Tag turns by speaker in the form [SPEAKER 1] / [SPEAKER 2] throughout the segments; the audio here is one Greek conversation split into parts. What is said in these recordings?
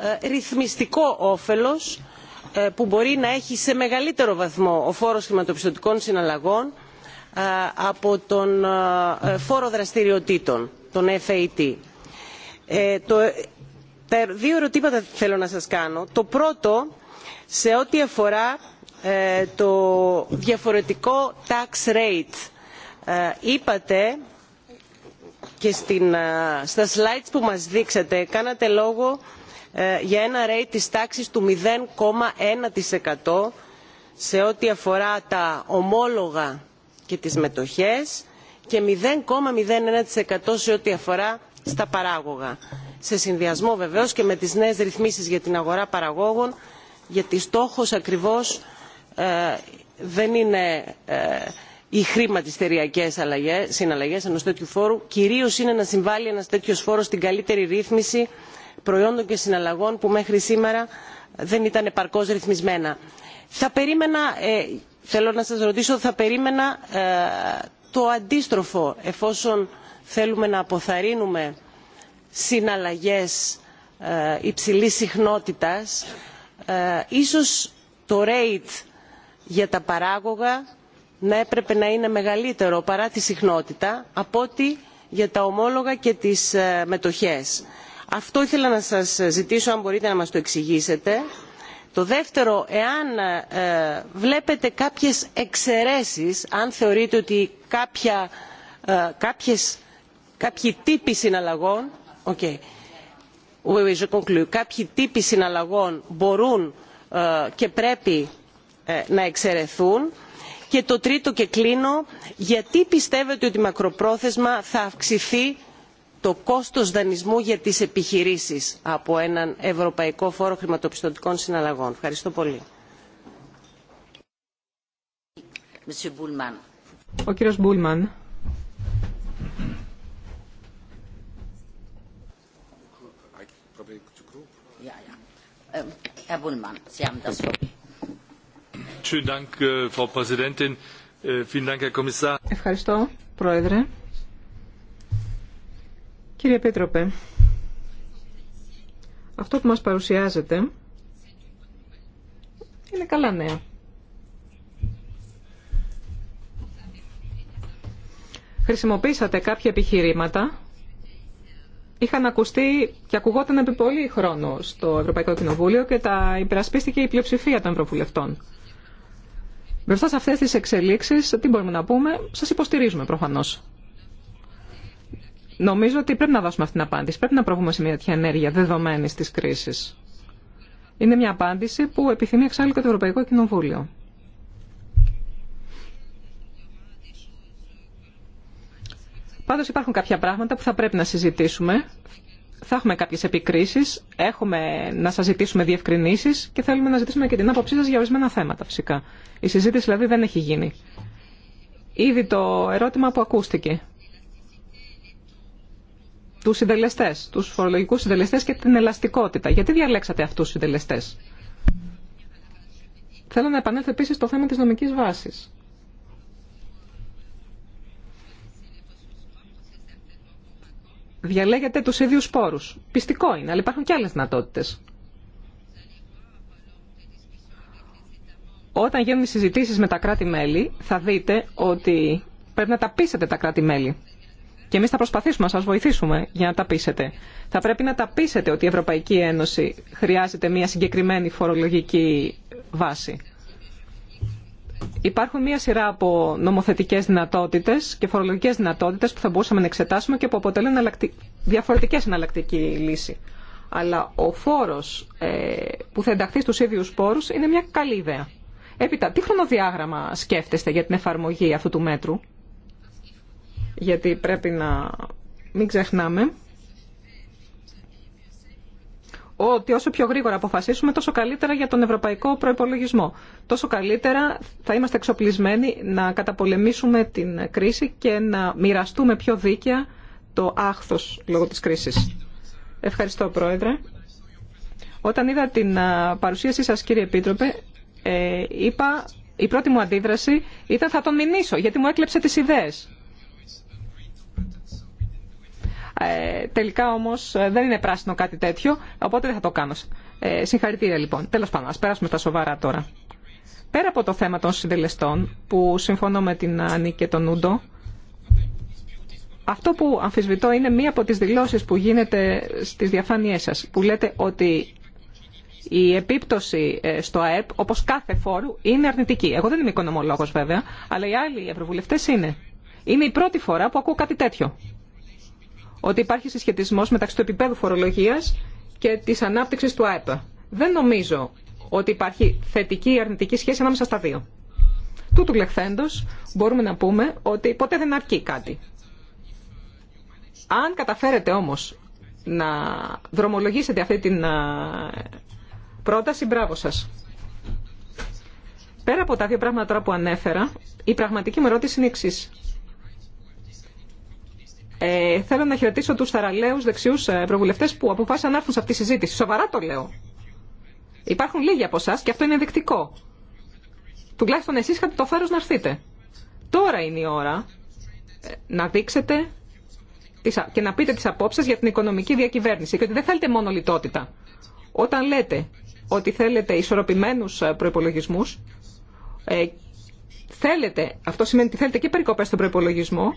[SPEAKER 1] Ε, ρυθμιστικό όφελος ε, που μπορεί να έχει σε μεγαλύτερο βαθμό ο φόρος χρηματοπιστωτικών συναλλαγών ε, από τον φόρο δραστηριοτήτων, τον FAT. Τα δύο ερωτήματα θέλω να σας κάνω. Το πρώτο σε ό,τι αφορά το διαφορετικό tax rate. Είπατε και στα slides που μας δείξατε, κάνατε λόγο ε, για ένα rate της τάξης του 0,1% σε ό,τι αφορά τα ομόλογα και τις μετοχές και 0,01% σε ό,τι αφορά στα παράγωγα. Σε συνδυασμό βεβαίως και με τις νέες ρυθμίσεις για την αγορά παραγόγων γιατί στόχος ακριβώς ε, δεν είναι ε, οι χρηματιστηριακές συναλλαγές ενός τέτοιου φόρου κυρίως είναι να συμβάλλει ένας τέτοιος φόρος στην καλύτερη ρύθμιση προϊόντων και συναλλαγών που μέχρι σήμερα δεν ήταν επαρκώς ρυθμισμένα. Θα περίμενα, ε, θέλω να σας ρωτήσω, θα περίμενα ε, το αντίστροφο εφόσον θέλουμε να αποθαρρύνουμε συναλλαγές υψηλή ε, υψηλής συχνότητας, ίσως το rate για τα παράγωγα να έπρεπε να είναι μεγαλύτερο παρά τη συχνότητα από ότι για τα ομόλογα και τις μετοχές αυτό ήθελα να σας ζητήσω αν μπορείτε να μας το εξηγήσετε. το δεύτερο εάν ε, βλέπετε κάποιες εξαιρέσεις αν θεωρείτε ότι κάποια, ε, κάποιες, κάποιοι τύποι συναλλαγών okay, κάποιοι τύποι συναλλαγών μπορούν ε, και πρέπει να εξαιρεθούν και το τρίτο και κλείνω γιατί πιστεύετε ότι μακροπρόθεσμα θα αυξηθεί το κόστος δανεισμού για τις επιχειρήσεις από έναν ευρωπαϊκό φόρο χρηματοπιστωτικών συναλλαγών. Ευχαριστώ πολύ.
[SPEAKER 2] Ευχαριστώ, Πρόεδρε. Κύριε Πίτροπε, αυτό που μας παρουσιάζεται είναι καλά νέα. Χρησιμοποίησατε κάποια επιχειρήματα. Είχαν ακουστεί και ακουγόταν επί πολύ χρόνο στο Ευρωπαϊκό Κοινοβούλιο και τα υπερασπίστηκε η πλειοψηφία των Ευρωβουλευτών. Μπροστά σε αυτές τις εξελίξεις, τι μπορούμε να πούμε, σας υποστηρίζουμε προφανώς. Νομίζω ότι πρέπει να δώσουμε αυτή την απάντηση. Πρέπει να προβούμε σε μια τέτοια ενέργεια δεδομένη τη κρίση. Είναι μια απάντηση που επιθυμεί εξάλλου και το Ευρωπαϊκό Κοινοβούλιο. Πάντω υπάρχουν κάποια πράγματα που θα πρέπει να συζητήσουμε. Θα έχουμε κάποιε επικρίσει, έχουμε να σα ζητήσουμε διευκρινήσει και θέλουμε να ζητήσουμε και την άποψή σα για ορισμένα θέματα φυσικά. Η συζήτηση δηλαδή δεν έχει γίνει. Ήδη το ερώτημα που ακούστηκε τους συντελεστές, τους φορολογικούς συντελεστές και την ελαστικότητα. Γιατί διαλέξατε αυτούς τους συντελεστέ. Θέλω να επανέλθω επίση στο θέμα της νομικής βάσης. Διαλέγετε τους ίδιου σπόρους. Πιστικό είναι, αλλά υπάρχουν και άλλες δυνατότητε. Όταν γίνουν οι συζητήσεις με τα κράτη-μέλη, θα δείτε ότι πρέπει να τα πείσετε τα κράτη-μέλη και εμεί θα προσπαθήσουμε να σα βοηθήσουμε για να τα πείσετε. Θα πρέπει να τα πείσετε ότι η Ευρωπαϊκή Ένωση χρειάζεται μια συγκεκριμένη φορολογική βάση. Υπάρχουν μια σειρά από νομοθετικέ δυνατότητε και φορολογικέ δυνατότητε που θα μπορούσαμε να εξετάσουμε και που αποτελούν διαφορετικέ εναλλακτική λύση. Αλλά ο φόρος ε, που θα ενταχθεί στους ίδιου πόρου είναι μια καλή ιδέα. Έπειτα, τι χρονοδιάγραμμα σκέφτεστε για την εφαρμογή αυτού του μέτρου γιατί πρέπει να μην ξεχνάμε ότι όσο πιο γρήγορα αποφασίσουμε, τόσο καλύτερα για τον ευρωπαϊκό προπολογισμό. Τόσο καλύτερα θα είμαστε εξοπλισμένοι να καταπολεμήσουμε την κρίση και να μοιραστούμε πιο δίκαια το άχθος λόγω της κρίσης. Ευχαριστώ, Πρόεδρε. Όταν είδα την παρουσίασή σας, κύριε Επίτροπε, ε, είπα, η πρώτη μου αντίδραση ήταν θα τον μηνύσω, γιατί μου έκλεψε τις ιδέες. Ε, τελικά όμω ε, δεν είναι πράσινο κάτι τέτοιο, οπότε δεν θα το κάνω. Ε, συγχαρητήρια λοιπόν. τέλο πάντων, α περάσουμε στα σοβαρά τώρα. Πέρα από το θέμα των συντελεστών, που συμφωνώ με την Άννη και τον Ούντο, αυτό που αμφισβητώ είναι μία από τις δηλώσεις που γίνεται στις διαφάνειές σας, που λέτε ότι η επίπτωση ε, στο ΑΕΠ, όπως κάθε φόρου, είναι αρνητική. Εγώ δεν είμαι οικονομολόγος βέβαια, αλλά οι άλλοι ευρωβουλευτές είναι. Είναι η πρώτη φορά που ακούω κάτι τέτοιο ότι υπάρχει συσχετισμό μεταξύ του επίπεδου φορολογίας και της ανάπτυξης του ΑΕΠ. Δεν νομίζω ότι υπάρχει θετική ή αρνητική σχέση ανάμεσα στα δύο. Τούτου λεχθέντος μπορούμε να πούμε ότι ποτέ δεν αρκεί κάτι. Αν καταφέρετε όμως να δρομολογήσετε αυτή την πρόταση, μπράβο σας. Πέρα από τα δύο πράγματα τώρα που ανέφερα, η αρνητικη σχεση αναμεσα στα δυο τουτου λεχθεντο μπορουμε να πουμε οτι ποτε δεν αρκει κατι αν καταφερετε ομως να δρομολογησετε αυτη την προταση μπραβο σας περα απο τα δυο πραγματα που ανεφερα η πραγματικη μου ερώτηση είναι εξή. Ε, θέλω να χαιρετήσω τους θαραλέου δεξιούς ε, προβουλευτές που αποφάσισαν να έρθουν σε αυτή τη συζήτηση. Σοβαρά το λέω. Υπάρχουν λίγοι από εσά και αυτό είναι ενδεικτικό. Τουλάχιστον εσεί είχατε το φέρος να έρθετε. Τώρα είναι η ώρα ε, να δείξετε και να πείτε τις απόψεις για την οικονομική διακυβέρνηση και ότι δεν θέλετε μόνο λιτότητα. Όταν λέτε ότι θέλετε ισορροπημένου ε, προπολογισμού. Θέλετε, αυτό σημαίνει ότι θέλετε και περικοπέ στον προπολογισμό,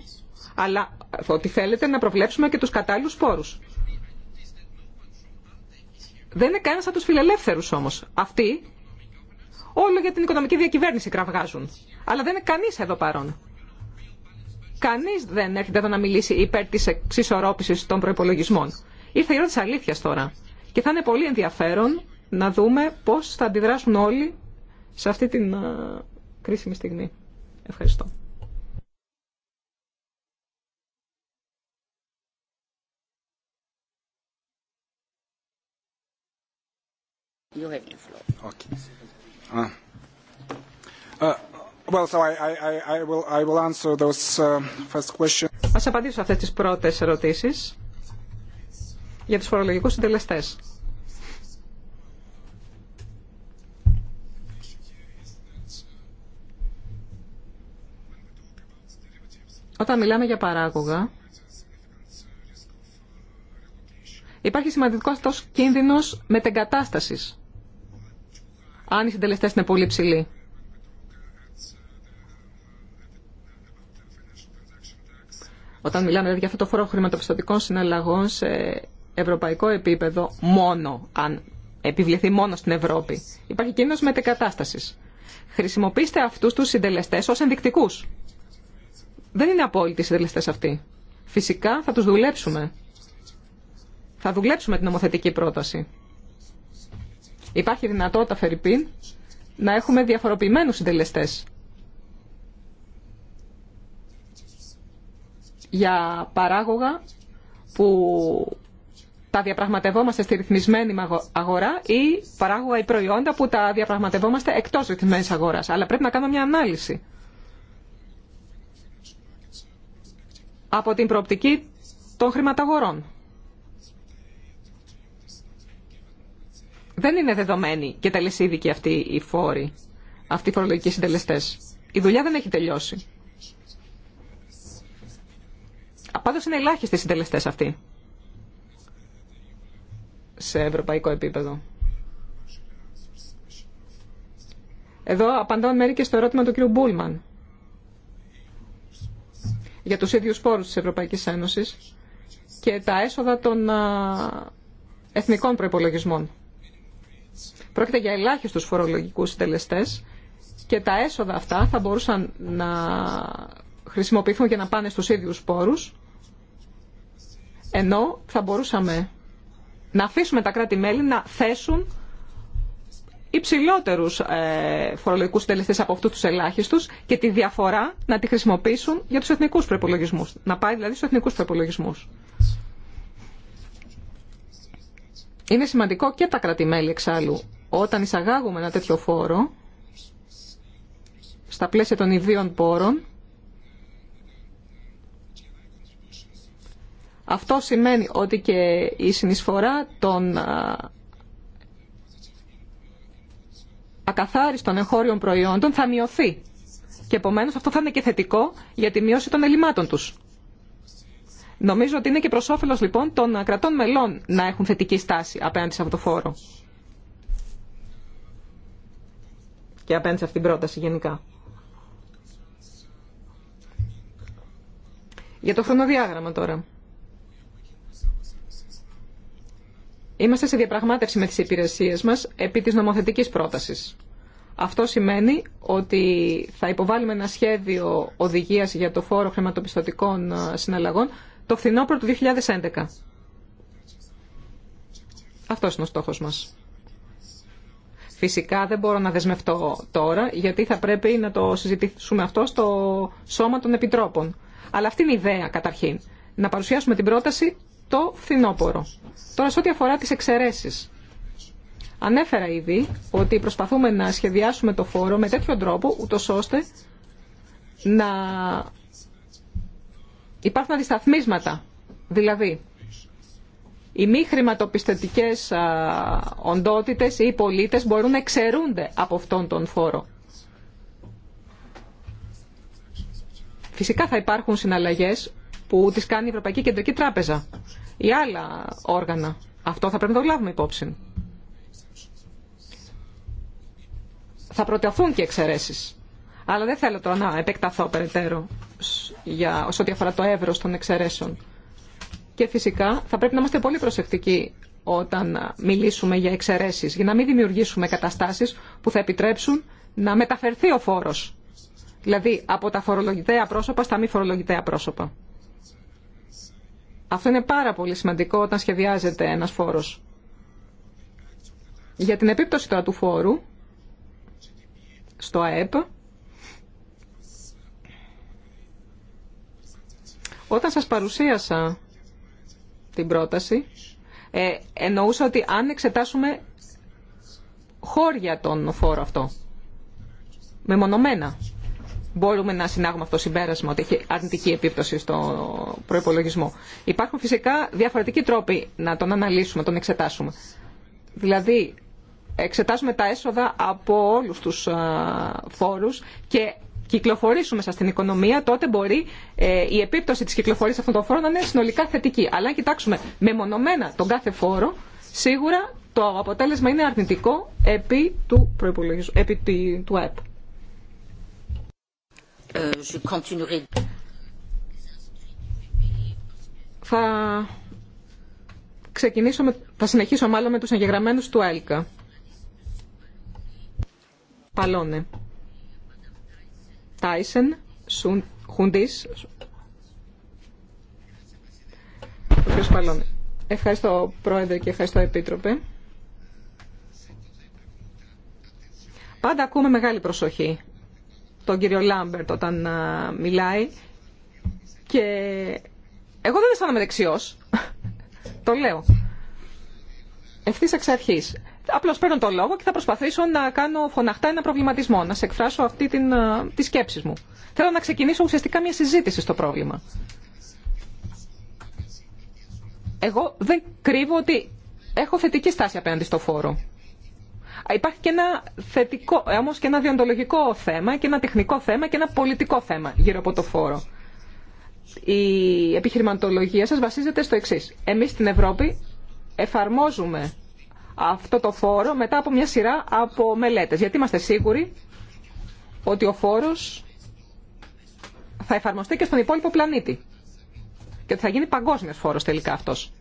[SPEAKER 2] αλλά ότι θέλετε να προβλέψουμε και του κατάλληλου πόρου. Δεν είναι κανένα από του φιλελεύθερου όμω. Αυτοί όλο για την οικονομική διακυβέρνηση κραυγάζουν. Αλλά δεν είναι κανεί εδώ παρόν. Κανεί δεν έρχεται εδώ να μιλήσει υπέρ τη εξισορρόπηση των προπολογισμών. Ήρθε η ώρα τη αλήθεια τώρα. Και θα είναι πολύ ενδιαφέρον να δούμε πώ θα αντιδράσουν όλοι σε αυτή την κρίσιμη στιγμή. Ευχαριστώ.
[SPEAKER 3] You have the floor. Okay.
[SPEAKER 2] Uh, uh, well, so I, I, I will, I will answer those uh, first questions. Ας απαντήσω αυτές τις πρώτες ερωτήσεις για τους φορολογικούς συντελεστές. Όταν μιλάμε για παράγωγα, υπάρχει σημαντικός κίνδυνος μετεγκατάστασης, αν οι συντελεστές είναι πολύ ψηλοί. Όταν μιλάμε δηλαδή, για αυτό το φόρο χρηματοπιστωτικών συναλλαγών σε ευρωπαϊκό επίπεδο, μόνο αν επιβληθεί μόνο στην Ευρώπη, υπάρχει κίνδυνος μετεγκατάστασης. Χρησιμοποιήστε αυτούς τους συντελεστές ως ενδεικτικούς δεν είναι απόλυτοι οι συντελεστέ αυτοί. Φυσικά θα του δουλέψουμε. Θα δουλέψουμε την νομοθετική πρόταση. Υπάρχει δυνατότητα, Φερρυπίν, να έχουμε διαφοροποιημένους συντελεστέ. Για παράγωγα που τα διαπραγματευόμαστε στη ρυθμισμένη αγορά ή παράγωγα ή προϊόντα που τα διαπραγματευόμαστε εκτός ρυθμισμένης αγοράς. Αλλά πρέπει να κάνουμε μια ανάλυση. από την προοπτική των χρηματαγορών. Δεν είναι δεδομένοι και τελεσίδικοι αυτοί οι φόροι, αυτοί οι φορολογικοί συντελεστέ. Η δουλειά δεν έχει τελειώσει. Πάντως είναι ελάχιστοι οι συντελεστές αυτοί σε ευρωπαϊκό επίπεδο. Εδώ απαντάω μερικέ στο ερώτημα του κ. Μπούλμαν για τους ίδιους πόρους της Ευρωπαϊκής Ένωσης και τα έσοδα των εθνικών προϋπολογισμών. Πρόκειται για ελάχιστους φορολογικούς συντελεστές και τα έσοδα αυτά θα μπορούσαν να χρησιμοποιηθούν για να πάνε στους ίδιους πόρους ενώ θα μπορούσαμε να αφήσουμε τα κράτη-μέλη να θέσουν υψηλότερους ε, φορολογικούς συντελεστές από αυτούς τους ελάχιστους και τη διαφορά να τη χρησιμοποιήσουν για τους εθνικούς προπολογισμού. Να πάει δηλαδή στους εθνικούς προπολογισμού. Είναι σημαντικό και τα κρατημέλη εξάλλου. Όταν εισαγάγουμε ένα τέτοιο φόρο, στα πλαίσια των ιδίων πόρων, αυτό σημαίνει ότι και η συνεισφορά των Ακαθάριστον εγχώριων προϊόντων θα μειωθεί. Και επομένως αυτό θα είναι και θετικό για τη μείωση των ελλημάτων τους. Νομίζω ότι είναι και προ όφελο λοιπόν των κρατών μελών να έχουν θετική στάση απέναντι σε αυτό το φόρο. Και απέναντι σε αυτήν την πρόταση γενικά. Για το χρονοδιάγραμμα τώρα. Είμαστε σε διαπραγμάτευση με τις υπηρεσίες μας επί της νομοθετικής πρότασης. Αυτό σημαίνει ότι θα υποβάλουμε ένα σχέδιο οδηγίας για το φόρο χρηματοπιστωτικών ε, συναλλαγών το φθινόπωρο του 2011. Αυτός είναι ο στόχος μας. Φυσικά δεν μπορώ να δεσμευτώ τώρα, γιατί θα πρέπει να το συζητήσουμε αυτό στο Σώμα των Επιτρόπων. Αλλά αυτή είναι η ιδέα καταρχήν. Να παρουσιάσουμε την πρόταση το φθινόπωρο. Τώρα, σε ό,τι αφορά τις εξαιρέσεις. Ανέφερα ήδη ότι προσπαθούμε να σχεδιάσουμε το φόρο με τέτοιο τρόπο, ούτω ώστε να υπάρχουν αντισταθμίσματα. Δηλαδή, οι μη χρηματοπιστωτικές οντότητες ή οι πολίτες μπορούν να εξαιρούνται από αυτόν τον φόρο. Φυσικά θα υπάρχουν συναλλαγές που τις κάνει η Ευρωπαϊκή Κεντρική Τράπεζα ή άλλα όργανα. Αυτό θα πρέπει να το λάβουμε υπόψη. Θα προτεθούν και εξαιρέσει. Αλλά δεν θέλω τώρα να επεκταθώ περαιτέρω για όσο αφορά το εύρο των εξαιρέσεων. Και φυσικά θα πρέπει να είμαστε πολύ προσεκτικοί όταν μιλήσουμε για εξαιρέσει, για να μην δημιουργήσουμε καταστάσει που θα επιτρέψουν να μεταφερθεί ο φόρο. Δηλαδή από τα φορολογητέα πρόσωπα στα μη φορολογητέα πρόσωπα. Αυτό είναι πάρα πολύ σημαντικό όταν σχεδιάζεται ένας φόρος. Για την επίπτωση τώρα του φόρου στο ΑΕΠ, όταν σας παρουσίασα την πρόταση, ε, εννοούσα ότι αν εξετάσουμε χώρια τον φόρο αυτό, μεμονωμένα, μπορούμε να συνάγουμε αυτό το συμπέρασμα ότι έχει αρνητική επίπτωση στο προπολογισμό. Υπάρχουν φυσικά διαφορετικοί τρόποι να τον αναλύσουμε, να τον εξετάσουμε. Δηλαδή, εξετάζουμε τα έσοδα από όλου του φόρου και κυκλοφορήσουμε σαν στην οικονομία, τότε μπορεί ε, η επίπτωση της κυκλοφορίας αυτών των φόρων να είναι συνολικά θετική. Αλλά αν κοιτάξουμε μεμονωμένα τον κάθε φόρο, σίγουρα το αποτέλεσμα είναι αρνητικό επί του, επί του ΑΕΠ. Euh, θα ξεκινήσω με... θα συνεχίσω μάλλον με τους εγγεγραμμένους του ΕΛΚΑ. Παλώνε. Τάισεν, Χουντής. Ευχαριστώ Πρόεδρε και ευχαριστώ Επίτροπε. Πάντα ακούμε μεγάλη προσοχή τον κύριο Λάμπερτ όταν μιλάει και εγώ δεν αισθάνομαι δεξιό. το λέω, ευθύ εξ αρχής. Απλώς παίρνω το λόγο και θα προσπαθήσω να κάνω φωναχτά ένα προβληματισμό, να σε εκφράσω αυτή την, τη σκέψη μου. Θέλω να ξεκινήσω ουσιαστικά μια συζήτηση στο πρόβλημα. Εγώ δεν κρύβω ότι έχω θετική στάση απέναντι στο φόρο. Υπάρχει και ένα θετικό, ε, όμως και ένα διοντολογικό θέμα και ένα τεχνικό θέμα και ένα πολιτικό θέμα γύρω από το φόρο. Η επιχειρηματολογία σας βασίζεται στο εξής. Εμείς στην Ευρώπη εφαρμόζουμε αυτό το φόρο μετά από μια σειρά από μελέτες. Γιατί είμαστε σίγουροι ότι ο φόρος θα εφαρμοστεί και στον υπόλοιπο πλανήτη. Και ότι θα γίνει παγκόσμιος φόρος τελικά αυτός.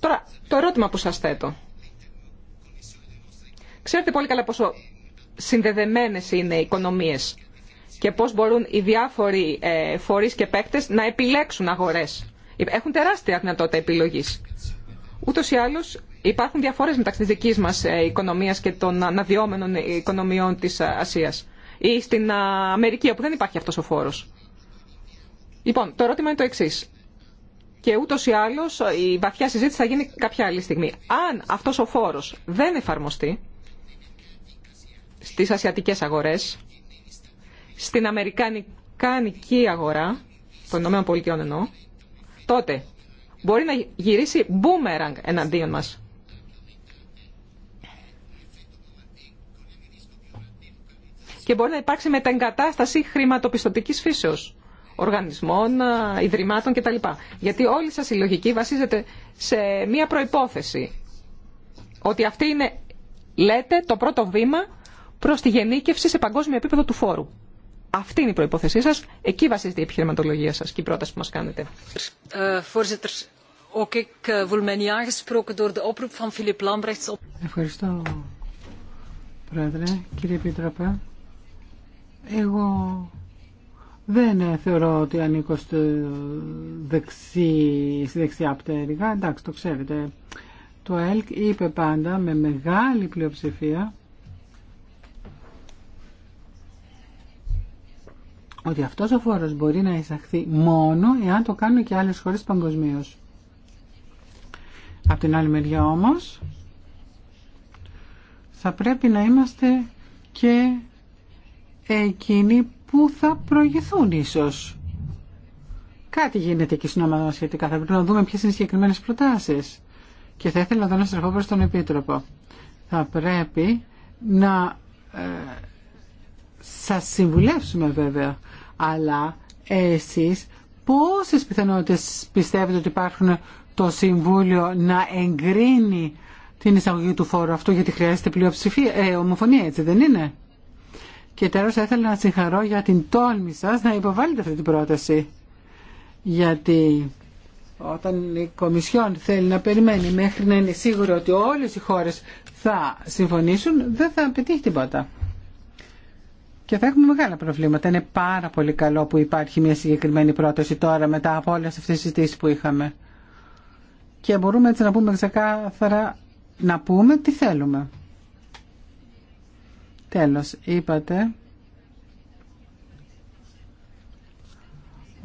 [SPEAKER 2] Τώρα, το ερώτημα που σας θέτω Ξέρετε πολύ καλά πόσο συνδεδεμένες είναι οι οικονομίες και πώς μπορούν οι διάφοροι ε, φορείς και παίκτες να επιλέξουν αγορές. Έχουν τεράστια δυνατότητα επιλογής. Ούτως ή άλλως υπάρχουν διαφορές μεταξύ της δικής μας ε, οικονομίας και των αναδυόμενων οικονομιών της Ασίας ή στην Αμερική όπου δεν υπάρχει αυτός ο φόρος. Λοιπόν, το ερώτημα είναι το εξή. Και ούτω ή άλλω η βαθιά συζήτηση θα γίνει κάποια άλλη στιγμή. Αν αυτό ο φόρο δεν εφαρμοστεί, στις ασιατικές αγορές, στην αμερικανική αγορά, των Πολιτειών εννοώ, τότε μπορεί να γυρίσει μπούμεραγκ εναντίον μας. Και μπορεί να υπάρξει μεταγκατάσταση χρηματοπιστωτικής φύσεως οργανισμών, ιδρυμάτων κτλ. Γιατί όλη σας η λογική βασίζεται σε μία προϋπόθεση. Ότι αυτή είναι, λέτε, το πρώτο βήμα Προ τη γενίκευση σε παγκόσμιο επίπεδο του φόρου. Αυτή είναι η προϋπόθεσή σας, εκεί βασίζεται η επιχειρηματολογία σας και η πρόταση που μας κάνετε. Ευχαριστώ,
[SPEAKER 4] Πρόεδρε, κύριε Επίτροπε.
[SPEAKER 2] Εγώ
[SPEAKER 4] δεν ε, θεωρώ ότι ανήκω στη δεξιά πτέρυγα. Εντάξει, το ξέρετε. Το ΕΛΚ είπε πάντα με μεγάλη πλειοψηφία ότι αυτός ο φόρος μπορεί να εισαχθεί μόνο εάν το κάνουν και άλλες χώρες παγκοσμίω. Από την άλλη μεριά όμως θα πρέπει να είμαστε και εκείνοι που θα προηγηθούν ίσως. Κάτι γίνεται εκεί στην ομάδα μας σχετικά. Θα πρέπει να δούμε ποιες είναι οι συγκεκριμένες προτάσεις. Και θα ήθελα εδώ να στραφώ προς τον Επίτροπο. Θα πρέπει να ε, σας συμβουλεύσουμε βέβαια, αλλά εσείς πόσες πιθανότητες πιστεύετε ότι υπάρχουν το Συμβούλιο να εγκρίνει την εισαγωγή του φόρου αυτού γιατί χρειάζεται πλειοψηφία, ε, ομοφωνία έτσι δεν είναι. Και τέλος θα ήθελα να συγχαρώ για την τόλμη σας να υποβάλλετε αυτή την πρόταση. Γιατί όταν η Κομισιόν θέλει να περιμένει μέχρι να είναι σίγουρο ότι όλες οι χώρες θα συμφωνήσουν, δεν θα πετύχει τίποτα και θα έχουμε μεγάλα προβλήματα. Είναι πάρα πολύ καλό που υπάρχει μια συγκεκριμένη πρόταση τώρα μετά από όλε αυτέ τις συζητήσει που είχαμε. Και μπορούμε έτσι να πούμε ξεκάθαρα να πούμε τι θέλουμε. Τέλος, είπατε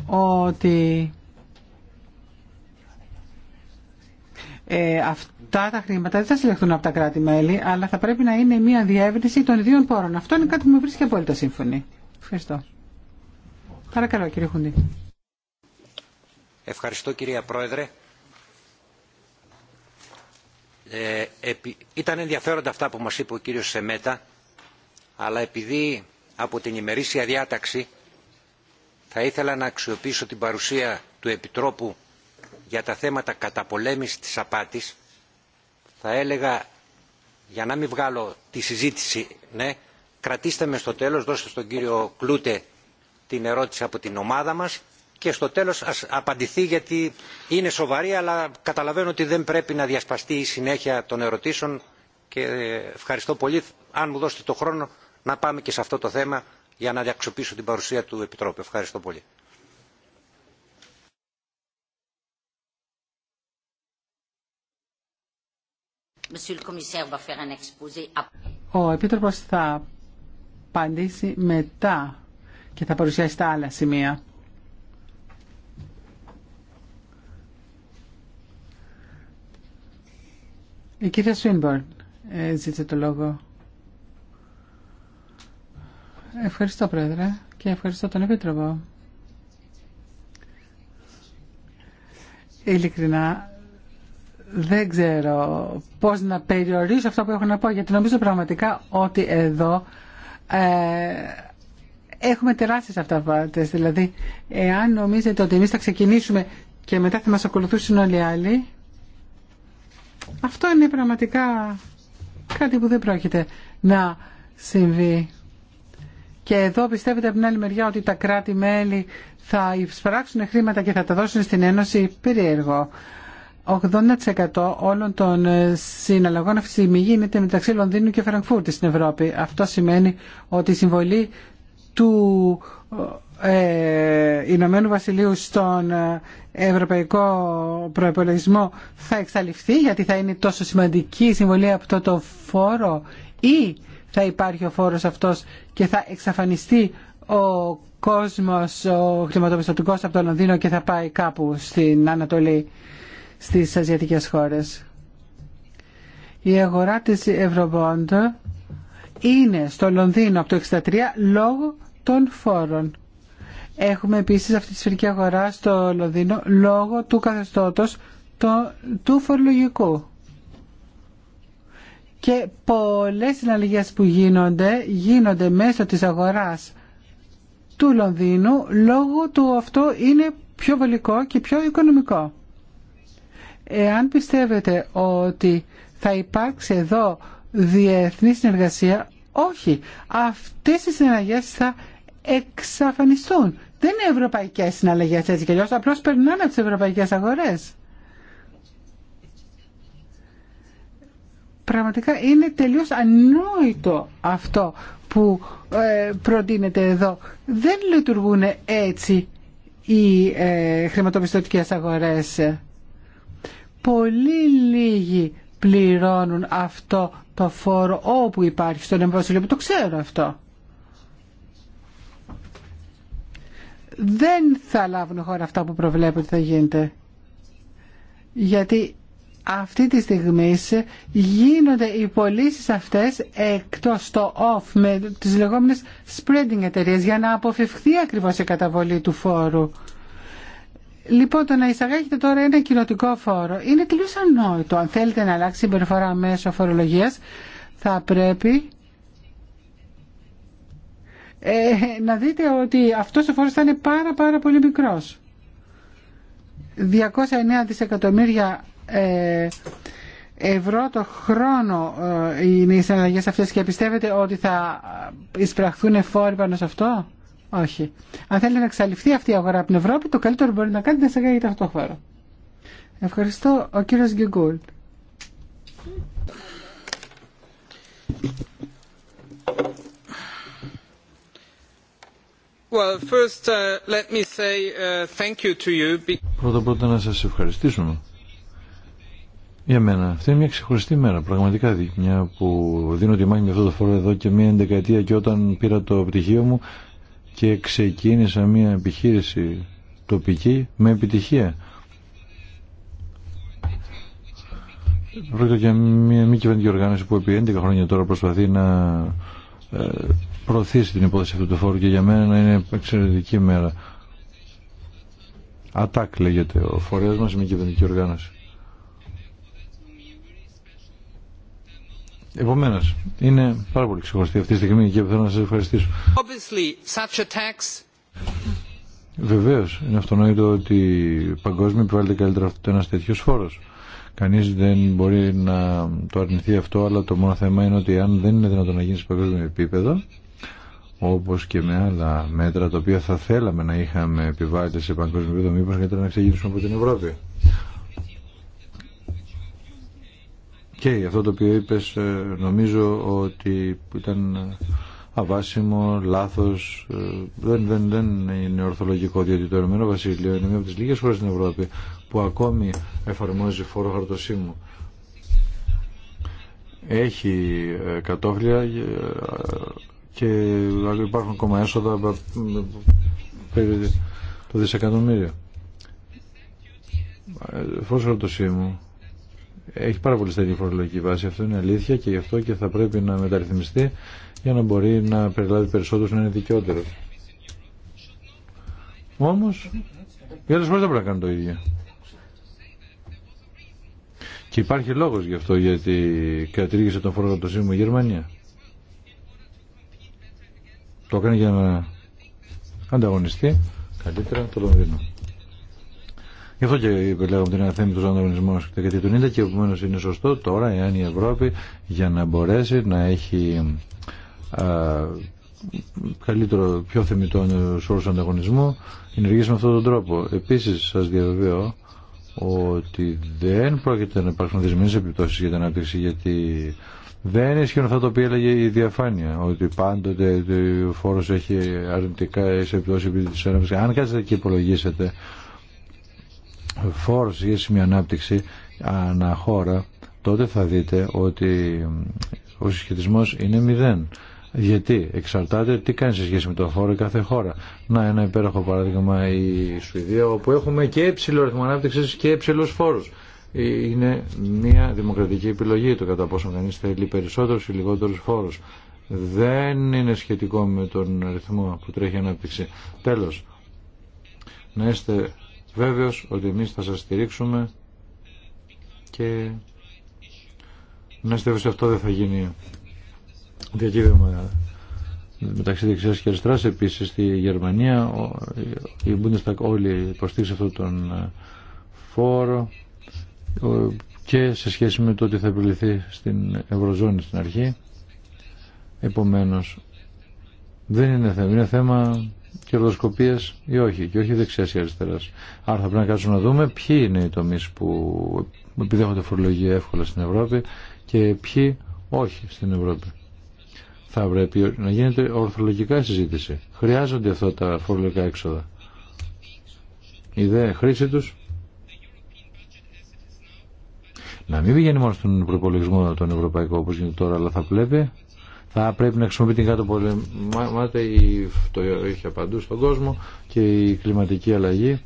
[SPEAKER 4] ότι ε, αυτό τα χρήματα δεν θα συλλεχθούν από τα κράτη-μέλη, αλλά θα πρέπει να είναι μια διεύρυνση των ιδίων πόρων. Αυτό είναι κάτι που με βρίσκει απόλυτα σύμφωνη. Ευχαριστώ. Παρακαλώ, κύριε Χουντή.
[SPEAKER 5] Ευχαριστώ, κυρία Πρόεδρε. Ε, Ήταν ενδιαφέροντα αυτά που μας είπε ο κύριος Σεμέτα, αλλά επειδή από την ημερήσια διάταξη θα ήθελα να αξιοποιήσω την παρουσία του Επιτρόπου για τα θέματα καταπολέμησης της απάτης θα έλεγα για να μην βγάλω τη συζήτηση, ναι, κρατήστε με στο τέλος, δώστε στον κύριο Κλούτε την ερώτηση από την ομάδα μας και στο τέλος ας απαντηθεί γιατί είναι σοβαρή αλλά καταλαβαίνω ότι δεν πρέπει να διασπαστεί η συνέχεια των ερωτήσεων και ευχαριστώ πολύ. Αν μου δώσετε το χρόνο να πάμε και σε αυτό το θέμα για να διαξοπίσω την παρουσία του Επιτρόπου. Ευχαριστώ πολύ.
[SPEAKER 4] Ο Επίτροπος θα απαντήσει μετά και θα παρουσιάσει τα άλλα σημεία. Η κυρία Σουίνμπορν ε, ζήτησε το λόγο. Ευχαριστώ, Πρόεδρε, και ευχαριστώ τον Επίτροπο. Ειλικρινά, δεν ξέρω πώς να περιορίσω αυτό που έχω να πω γιατί νομίζω πραγματικά ότι εδώ ε, έχουμε τεράστιες αυταπάτες. Δηλαδή, εάν νομίζετε ότι εμείς θα ξεκινήσουμε και μετά θα μας ακολουθήσουν όλοι οι άλλοι, αυτό είναι πραγματικά κάτι που δεν πρόκειται να συμβεί. Και εδώ πιστεύετε από την άλλη μεριά ότι τα κράτη-μέλη θα εισπράξουν χρήματα και θα τα δώσουν στην Ένωση περίεργο. 80% όλων των ε, συναλλαγών αυτή τη στιγμή γίνεται μεταξύ Λονδίνου και Φραγκφούρτη στην Ευρώπη. Αυτό σημαίνει ότι η συμβολή του ε, Ηνωμένου Βασιλείου στον ε, ευρωπαϊκό Προεπολογισμό θα εξαλειφθεί γιατί θα είναι τόσο σημαντική η συμβολή από το, το φόρο ή θα υπάρχει ο φόρος αυτός και θα εξαφανιστεί ο κόσμος ο χρηματοπιστωτικός από το Λονδίνο και θα πάει κάπου στην Ανατολή στις ασιατικές χώρες. Η αγορά της Ευρωβόντ είναι στο Λονδίνο από το 1963 λόγω των φόρων. Έχουμε επίσης αυτή τη σφυρική αγορά στο Λονδίνο λόγω του καθεστώτος το, του φορολογικού. Και πολλές συναλλαγές που γίνονται, γίνονται μέσω της αγοράς του Λονδίνου λόγω του αυτό είναι πιο βολικό και πιο οικονομικό. Εάν πιστεύετε ότι θα υπάρξει εδώ διεθνή συνεργασία, όχι. Αυτές οι συναλλαγές θα εξαφανιστούν. Δεν είναι ευρωπαϊκές συναλλαγές έτσι και αλλιώς, απλώς περνάνε από τις ευρωπαϊκές αγορές. Πραγματικά είναι τελείως ανόητο αυτό που ε, προτείνεται εδώ. Δεν λειτουργούν έτσι οι ε, χρηματοπιστωτικές αγορές πολύ λίγοι πληρώνουν αυτό το φόρο όπου υπάρχει στον εμβασίλειο που το ξέρω αυτό. Δεν θα λάβουν χώρα αυτά που ότι θα γίνεται. Γιατί αυτή τη στιγμή γίνονται οι πωλήσει αυτές εκτός το off με τις λεγόμενες spreading εταιρείες για να αποφευχθεί ακριβώς η καταβολή του φόρου. Λοιπόν, το να εισαγάγετε τώρα ένα κοινοτικό φόρο είναι τελείω ανόητο. Αν θέλετε να αλλάξει συμπεριφορά μέσω φορολογία, θα πρέπει ε, να δείτε ότι αυτός ο φόρος θα είναι πάρα πάρα πολύ μικρός. 209 δισεκατομμύρια ε, ευρώ το χρόνο ε, είναι οι συναλλαγές αυτές και πιστεύετε ότι θα εισπραχθούν φόροι πάνω σε αυτό. Όχι. Αν θέλει να εξαλειφθεί αυτή η αγορά από την Ευρώπη, το καλύτερο μπορεί να κάνετε να εισαγάγετε αυτό το χώρο. Ευχαριστώ. Ο κύριος Γκεγκούλτ.
[SPEAKER 3] Well, first,
[SPEAKER 6] uh, let me say uh, thank you to you. Πρώτα πρώτα να σας ευχαριστήσουμε. Για μένα, αυτή είναι μια ξεχωριστή μέρα, πραγματικά μια που δίνω τη μάχη με αυτό το φορά εδώ και μια εντεκαετία και όταν πήρα το πτυχίο μου και ξεκίνησα μια επιχείρηση τοπική με επιτυχία. Πρόκειται για μια μη κυβερνητική οργάνωση που επί 11 χρόνια τώρα προσπαθεί να ε, προωθήσει την υπόθεση αυτού του φόρου και για μένα να είναι εξαιρετική μέρα. ΑΤΑΚ λέγεται ο φορέας μας, μη κυβερνητική οργάνωση. Επομένω, είναι πάρα πολύ ξεχωριστή αυτή τη στιγμή και θέλω να σα ευχαριστήσω. Βεβαίω, είναι αυτονόητο ότι παγκόσμιο επιβάλλεται καλύτερα αυτό ένα τέτοιο φόρο. Κανεί δεν μπορεί να το αρνηθεί αυτό, αλλά το μόνο θέμα είναι ότι αν δεν είναι δυνατόν να γίνει σε παγκόσμιο επίπεδο, όπω και με άλλα μέτρα τα οποία θα θέλαμε να είχαμε επιβάλλεται σε παγκόσμιο επίπεδο, μήπω καλύτερα να ξεκινήσουμε από την Ευρώπη. Και αυτό το οποίο είπες ε, νομίζω ότι ήταν ε, αβάσιμο, λάθος, ε, δεν, δεν, δεν είναι ορθολογικό διότι το Ηνωμένο Βασίλειο είναι μία από τις λίγες χώρες στην Ευρώπη που ακόμη εφαρμόζει φόρο χαρτοσύμου. Έχει κατόφλια και υπάρχουν ακόμα έσοδα περί το δισεκατομμύριο. Φόρο χαρτοσύμου έχει πάρα πολύ στενή φορολογική βάση. Αυτό είναι αλήθεια και γι' αυτό και θα πρέπει να μεταρρυθμιστεί για να μπορεί να περιλάβει περισσότερο να είναι δικαιότερο. Όμω, οι άλλε χώρε δεν πρέπει να κάνουν το ίδιο. Και υπάρχει λόγος γι' αυτό, γιατί κατήργησε τον φόρο του η Γερμανία. Το έκανε για να ανταγωνιστεί καλύτερα το Λονδίνο. Γι' αυτό και λέγαμε την αθέμη του ανταγωνισμού στη δεκαετία του 90 και επομένω είναι σωστό τώρα εάν η Ευρώπη για να μπορέσει να έχει α, καλύτερο, πιο θεμητό σώρο ανταγωνισμού, ενεργήσει με αυτόν τον τρόπο. Επίση σα διαβεβαιώ ότι δεν πρόκειται να υπάρχουν δυσμενεί επιπτώσει για την ανάπτυξη γιατί δεν ισχύουν αυτά τα οποία έλεγε η διαφάνεια ότι πάντοτε ο φόρος έχει αρνητικά σε επιπτώσεις τη της Αν κάτσετε και υπολογίσετε φόρο για μια ανάπτυξη αναχώρα, τότε θα δείτε ότι ο συσχετισμό είναι μηδέν. Γιατί εξαρτάται τι κάνει σε σχέση με το φόρο κάθε χώρα. Να, ένα υπέροχο παράδειγμα η Σουηδία, όπου έχουμε και υψηλό ρυθμό ανάπτυξη και υψηλό φόρου. Ε, είναι μια δημοκρατική επιλογή το κατά πόσο κανεί θέλει περισσότερου ή λιγότερου φόρου. Δεν είναι σχετικό με τον ρυθμό που τρέχει η ανάπτυξη. Τέλο, να είστε βέβαιος ότι εμείς θα σας στηρίξουμε και να είστε αυτό δεν θα γίνει διακύβευμα μεταξύ δεξιά και αριστερά. Επίση στη Γερμανία η Bundestag όλοι υποστήριξε αυτόν τον ε, φόρο και σε σχέση με το ότι θα επιβληθεί στην Ευρωζώνη στην αρχή. Επομένως, δεν είναι είναι θέμα κερδοσκοπίας ή όχι, και όχι δεξιά ή αριστεράς. Άρα θα πρέπει να κάτσουμε να δούμε ποιοι είναι οι τομεί που επιδέχονται φορολογία εύκολα στην Ευρώπη και ποιοι όχι στην Ευρώπη. Θα πρέπει να γίνεται ορθολογικά συζήτηση. Χρειάζονται αυτά τα φορολογικά έξοδα. Η δε χρήση του. να μην πηγαίνει μόνο στον προπολογισμό των ευρωπαϊκό όπω γίνεται τώρα, αλλά θα πρέπει θα πρέπει να χρησιμοποιεί την κάτω πολεμάτα η, το έχει απαντού στον κόσμο και η κλιματική αλλαγή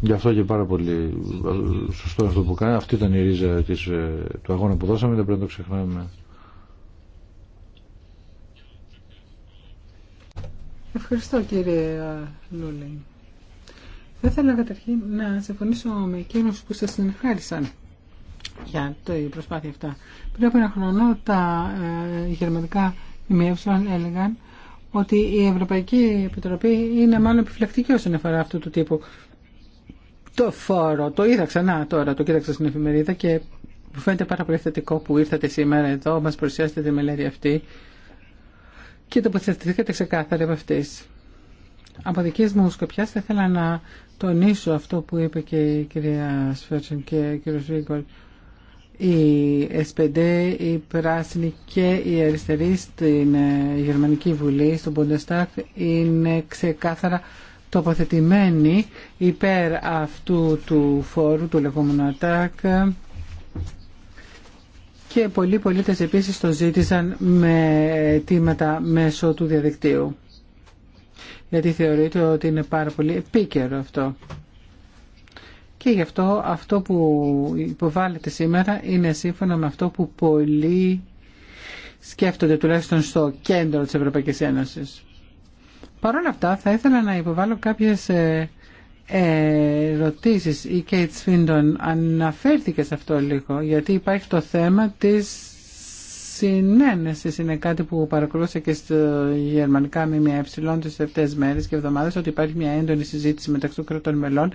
[SPEAKER 6] γι' αυτό και πάρα πολύ σωστό αυτό που κάνει αυτή ήταν η ρίζα της, ε, του αγώνα που δώσαμε δεν πρέπει να το ξεχνάμε
[SPEAKER 4] Ευχαριστώ κύριε ε, Λούλη. Θα ήθελα καταρχήν να συμφωνήσω με εκείνους που σας συνεχάρισαν για το προσπάθεια αυτά. Πριν από ένα χρόνο τα ε, γερμανικά ΜΜΕ έλεγαν ότι η Ευρωπαϊκή Επιτροπή είναι μάλλον επιφυλακτική όσον αφορά αυτού του τύπου το φόρο. Το είδα ξανά τώρα, το κοίταξα στην εφημερίδα και μου φαίνεται πάρα πολύ θετικό που ήρθατε σήμερα εδώ, μας παρουσιάσετε τη μελέτη αυτή και τοποθετηθήκατε ξεκάθαρα από αυτής. Από δική μου σκοπιά θα ήθελα να τονίσω αυτό που είπε και η κυρία Σφέρτσεν και ο κύριος Ρίγκολ η SPD, η Πράσινη και η Αριστερή στην ε, Γερμανική Βουλή, στον Bundestag, είναι ξεκάθαρα τοποθετημένοι υπέρ αυτού του φόρου, του λεγόμενου ΑΤΑΚ και πολλοί πολίτες επίσης το ζήτησαν με αιτήματα μέσω του διαδικτύου γιατί θεωρείται ότι είναι πάρα πολύ επίκαιρο αυτό. Και γι' αυτό αυτό που υποβάλλεται σήμερα είναι σύμφωνα με αυτό που πολλοί σκέφτονται τουλάχιστον στο κέντρο της Ευρωπαϊκής Ένωσης. Παρ' όλα αυτά θα ήθελα να υποβάλω κάποιες ε, ερωτήσεις. Η Κέιτ Σφίντον αναφέρθηκε σε αυτό λίγο γιατί υπάρχει το θέμα της συνένεσης. Είναι κάτι που παρακολούσε και στο γερμανικά ΜΜΕ τις τελευταίες μέρες και εβδομάδες ότι υπάρχει μια έντονη συζήτηση μεταξύ των κρατών μελών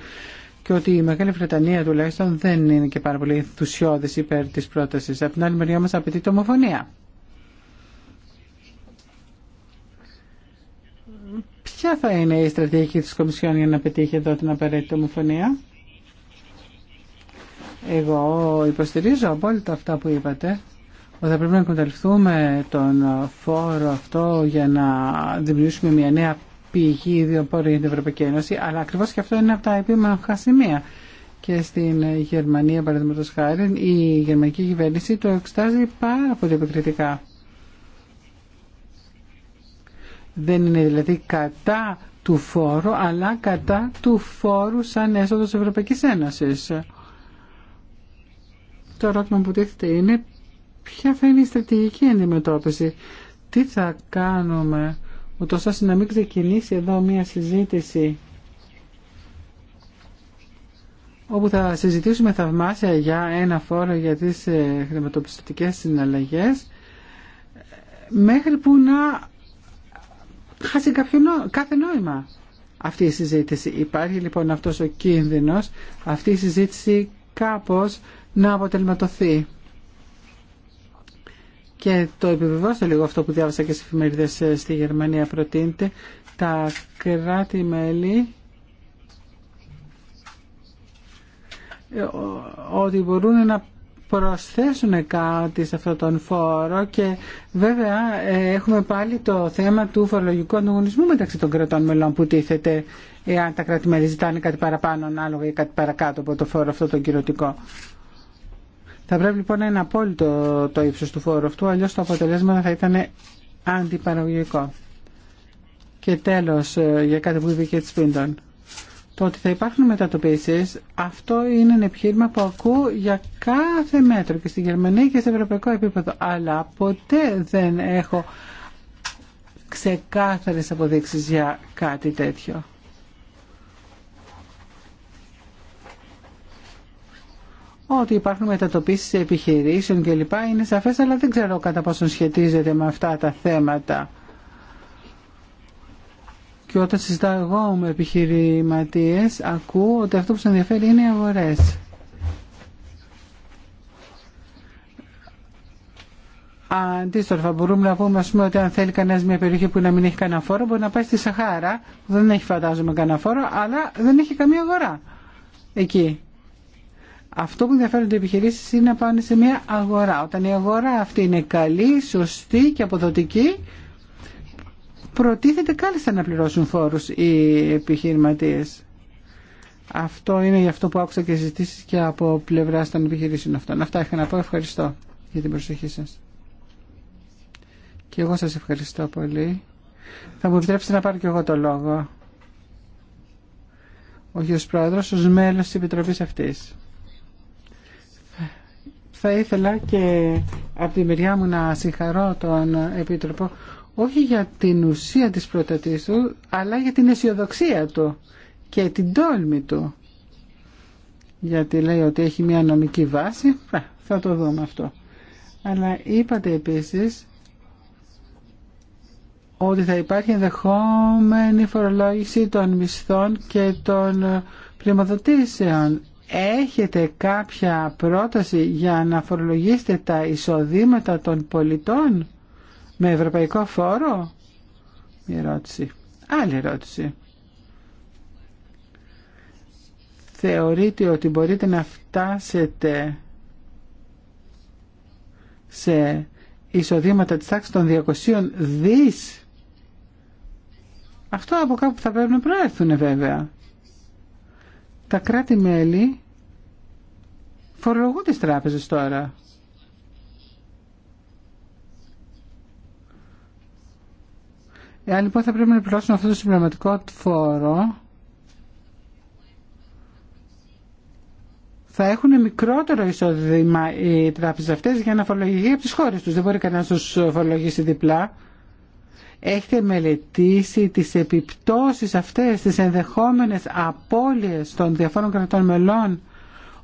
[SPEAKER 4] και ότι η Μεγάλη Βρετανία τουλάχιστον δεν είναι και πάρα πολύ ενθουσιώδη υπέρ τη πρόταση Από την άλλη μεριά μας απαιτεί το ομοφωνία. Ποια θα είναι η στρατηγική της Κομισιόν για να πετύχει εδώ την απαραίτητη ομοφωνία. Εγώ υποστηρίζω απόλυτα αυτά που είπατε ότι θα πρέπει να εκμεταλλευτούμε τον φόρο αυτό για να δημιουργήσουμε μια νέα πηγή ίδιων για την Ευρωπαϊκή Ένωση, αλλά ακριβώ και αυτό είναι από τα επίμαχα σημεία. Και στην Γερμανία, παραδείγματο χάρη, η γερμανική κυβέρνηση το εξετάζει πάρα πολύ επικριτικά. Δεν είναι δηλαδή κατά του φόρου, αλλά κατά του φόρου σαν έσοδο της Ευρωπαϊκής Ένωσης. Το ερώτημα που τίθεται είναι ποια θα είναι η στρατηγική αντιμετώπιση. Τι θα κάνουμε ούτως ώστε να μην ξεκινήσει εδώ μια συζήτηση όπου θα συζητήσουμε θαυμάσια για ένα φόρο για τις ε, χρηματοπιστωτικές συναλλαγές μέχρι που να χάσει κάποιο κάθε νόημα αυτή η συζήτηση. Υπάρχει λοιπόν αυτός ο κίνδυνος, αυτή η συζήτηση κάπως να αποτελματωθεί και το επιβεβαιώσα λίγο αυτό που διάβασα και στις εφημερίδες ε, στη Γερμανία προτείνεται, τα κράτη-μέλη ε, ότι μπορούν να προσθέσουν κάτι σε αυτόν τον φόρο και βέβαια ε, έχουμε πάλι το θέμα του φορολογικού ανταγωνισμού μεταξύ των κρατών μελών που τίθεται εάν τα κράτη-μέλη ζητάνε κάτι παραπάνω ανάλογα ή κάτι παρακάτω από το φόρο αυτό το κυρωτικό. Θα πρέπει λοιπόν να είναι απόλυτο το ύψος του φόρου αυτού, αλλιώς το αποτελέσμα θα ήταν αντιπαραγωγικό. Και τέλος, ε, για κάτι που είπε και της Πίντον, το ότι θα υπάρχουν μετατοπίσεις, αυτό είναι ένα επιχείρημα που ακούω για κάθε μέτρο και στην Γερμανία και σε ευρωπαϊκό επίπεδο, αλλά ποτέ δεν έχω ξεκάθαρες αποδείξεις για κάτι τέτοιο. ότι υπάρχουν μετατοπίσεις επιχειρήσεων κλπ. είναι σαφές, αλλά δεν ξέρω κατά πόσον σχετίζεται με αυτά τα θέματα. Και όταν συζητάω εγώ με επιχειρηματίες, ακούω ότι αυτό που σας ενδιαφέρει είναι οι αγορές. Αντίστροφα, μπορούμε να πούμε, ας πούμε ότι αν θέλει κανένα μια περιοχή που να μην έχει κανένα φόρο, μπορεί να πάει στη Σαχάρα, που δεν έχει φαντάζομαι κανένα φόρο, αλλά δεν έχει καμία αγορά εκεί. Αυτό που ενδιαφέρονται οι επιχειρήσει είναι να πάνε σε μια αγορά. Όταν η αγορά αυτή είναι καλή, σωστή και αποδοτική, προτίθεται κάλλιστα να πληρώσουν φόρου οι επιχειρηματίε. Αυτό είναι γι' αυτό που άκουσα και ζητήσει και από πλευρά των επιχειρήσεων αυτών. Αυτά είχα να πω. Ευχαριστώ για την προσοχή σα. Και εγώ σα ευχαριστώ πολύ. Θα μου επιτρέψετε να πάρω και εγώ το λόγο. Ο ως πρόεδρος, ως μέλος της Επιτροπής αυτής θα ήθελα και από τη μεριά μου να συγχαρώ τον Επίτροπο όχι για την ουσία της πρότατής του, αλλά για την αισιοδοξία του και την τόλμη του. Γιατί λέει ότι έχει μια νομική βάση, θα το δούμε αυτό. Αλλά είπατε επίσης ότι θα υπάρχει ενδεχόμενη φορολόγηση των μισθών και των πλημοδοτήσεων. Έχετε κάποια πρόταση για να φορολογήσετε τα εισοδήματα των πολιτών με ευρωπαϊκό φόρο. Μια ερώτηση. Άλλη ερώτηση. Θεωρείτε ότι μπορείτε να φτάσετε σε εισοδήματα της τάξης των 200 δις. Αυτό από κάπου θα πρέπει να προέρθουν βέβαια τα κράτη-μέλη φορολογούν τις τράπεζες τώρα. Εάν λοιπόν θα πρέπει να πληρώσουν αυτό το συμπληρωματικό φόρο, θα έχουν μικρότερο εισόδημα οι τράπεζε αυτές για να φορολογηθεί από τις χώρες τους. Δεν μπορεί κανένας να του φορολογήσει διπλά έχετε μελετήσει τις επιπτώσεις αυτές, τις ενδεχόμενες απώλειες των διαφόρων κρατών μελών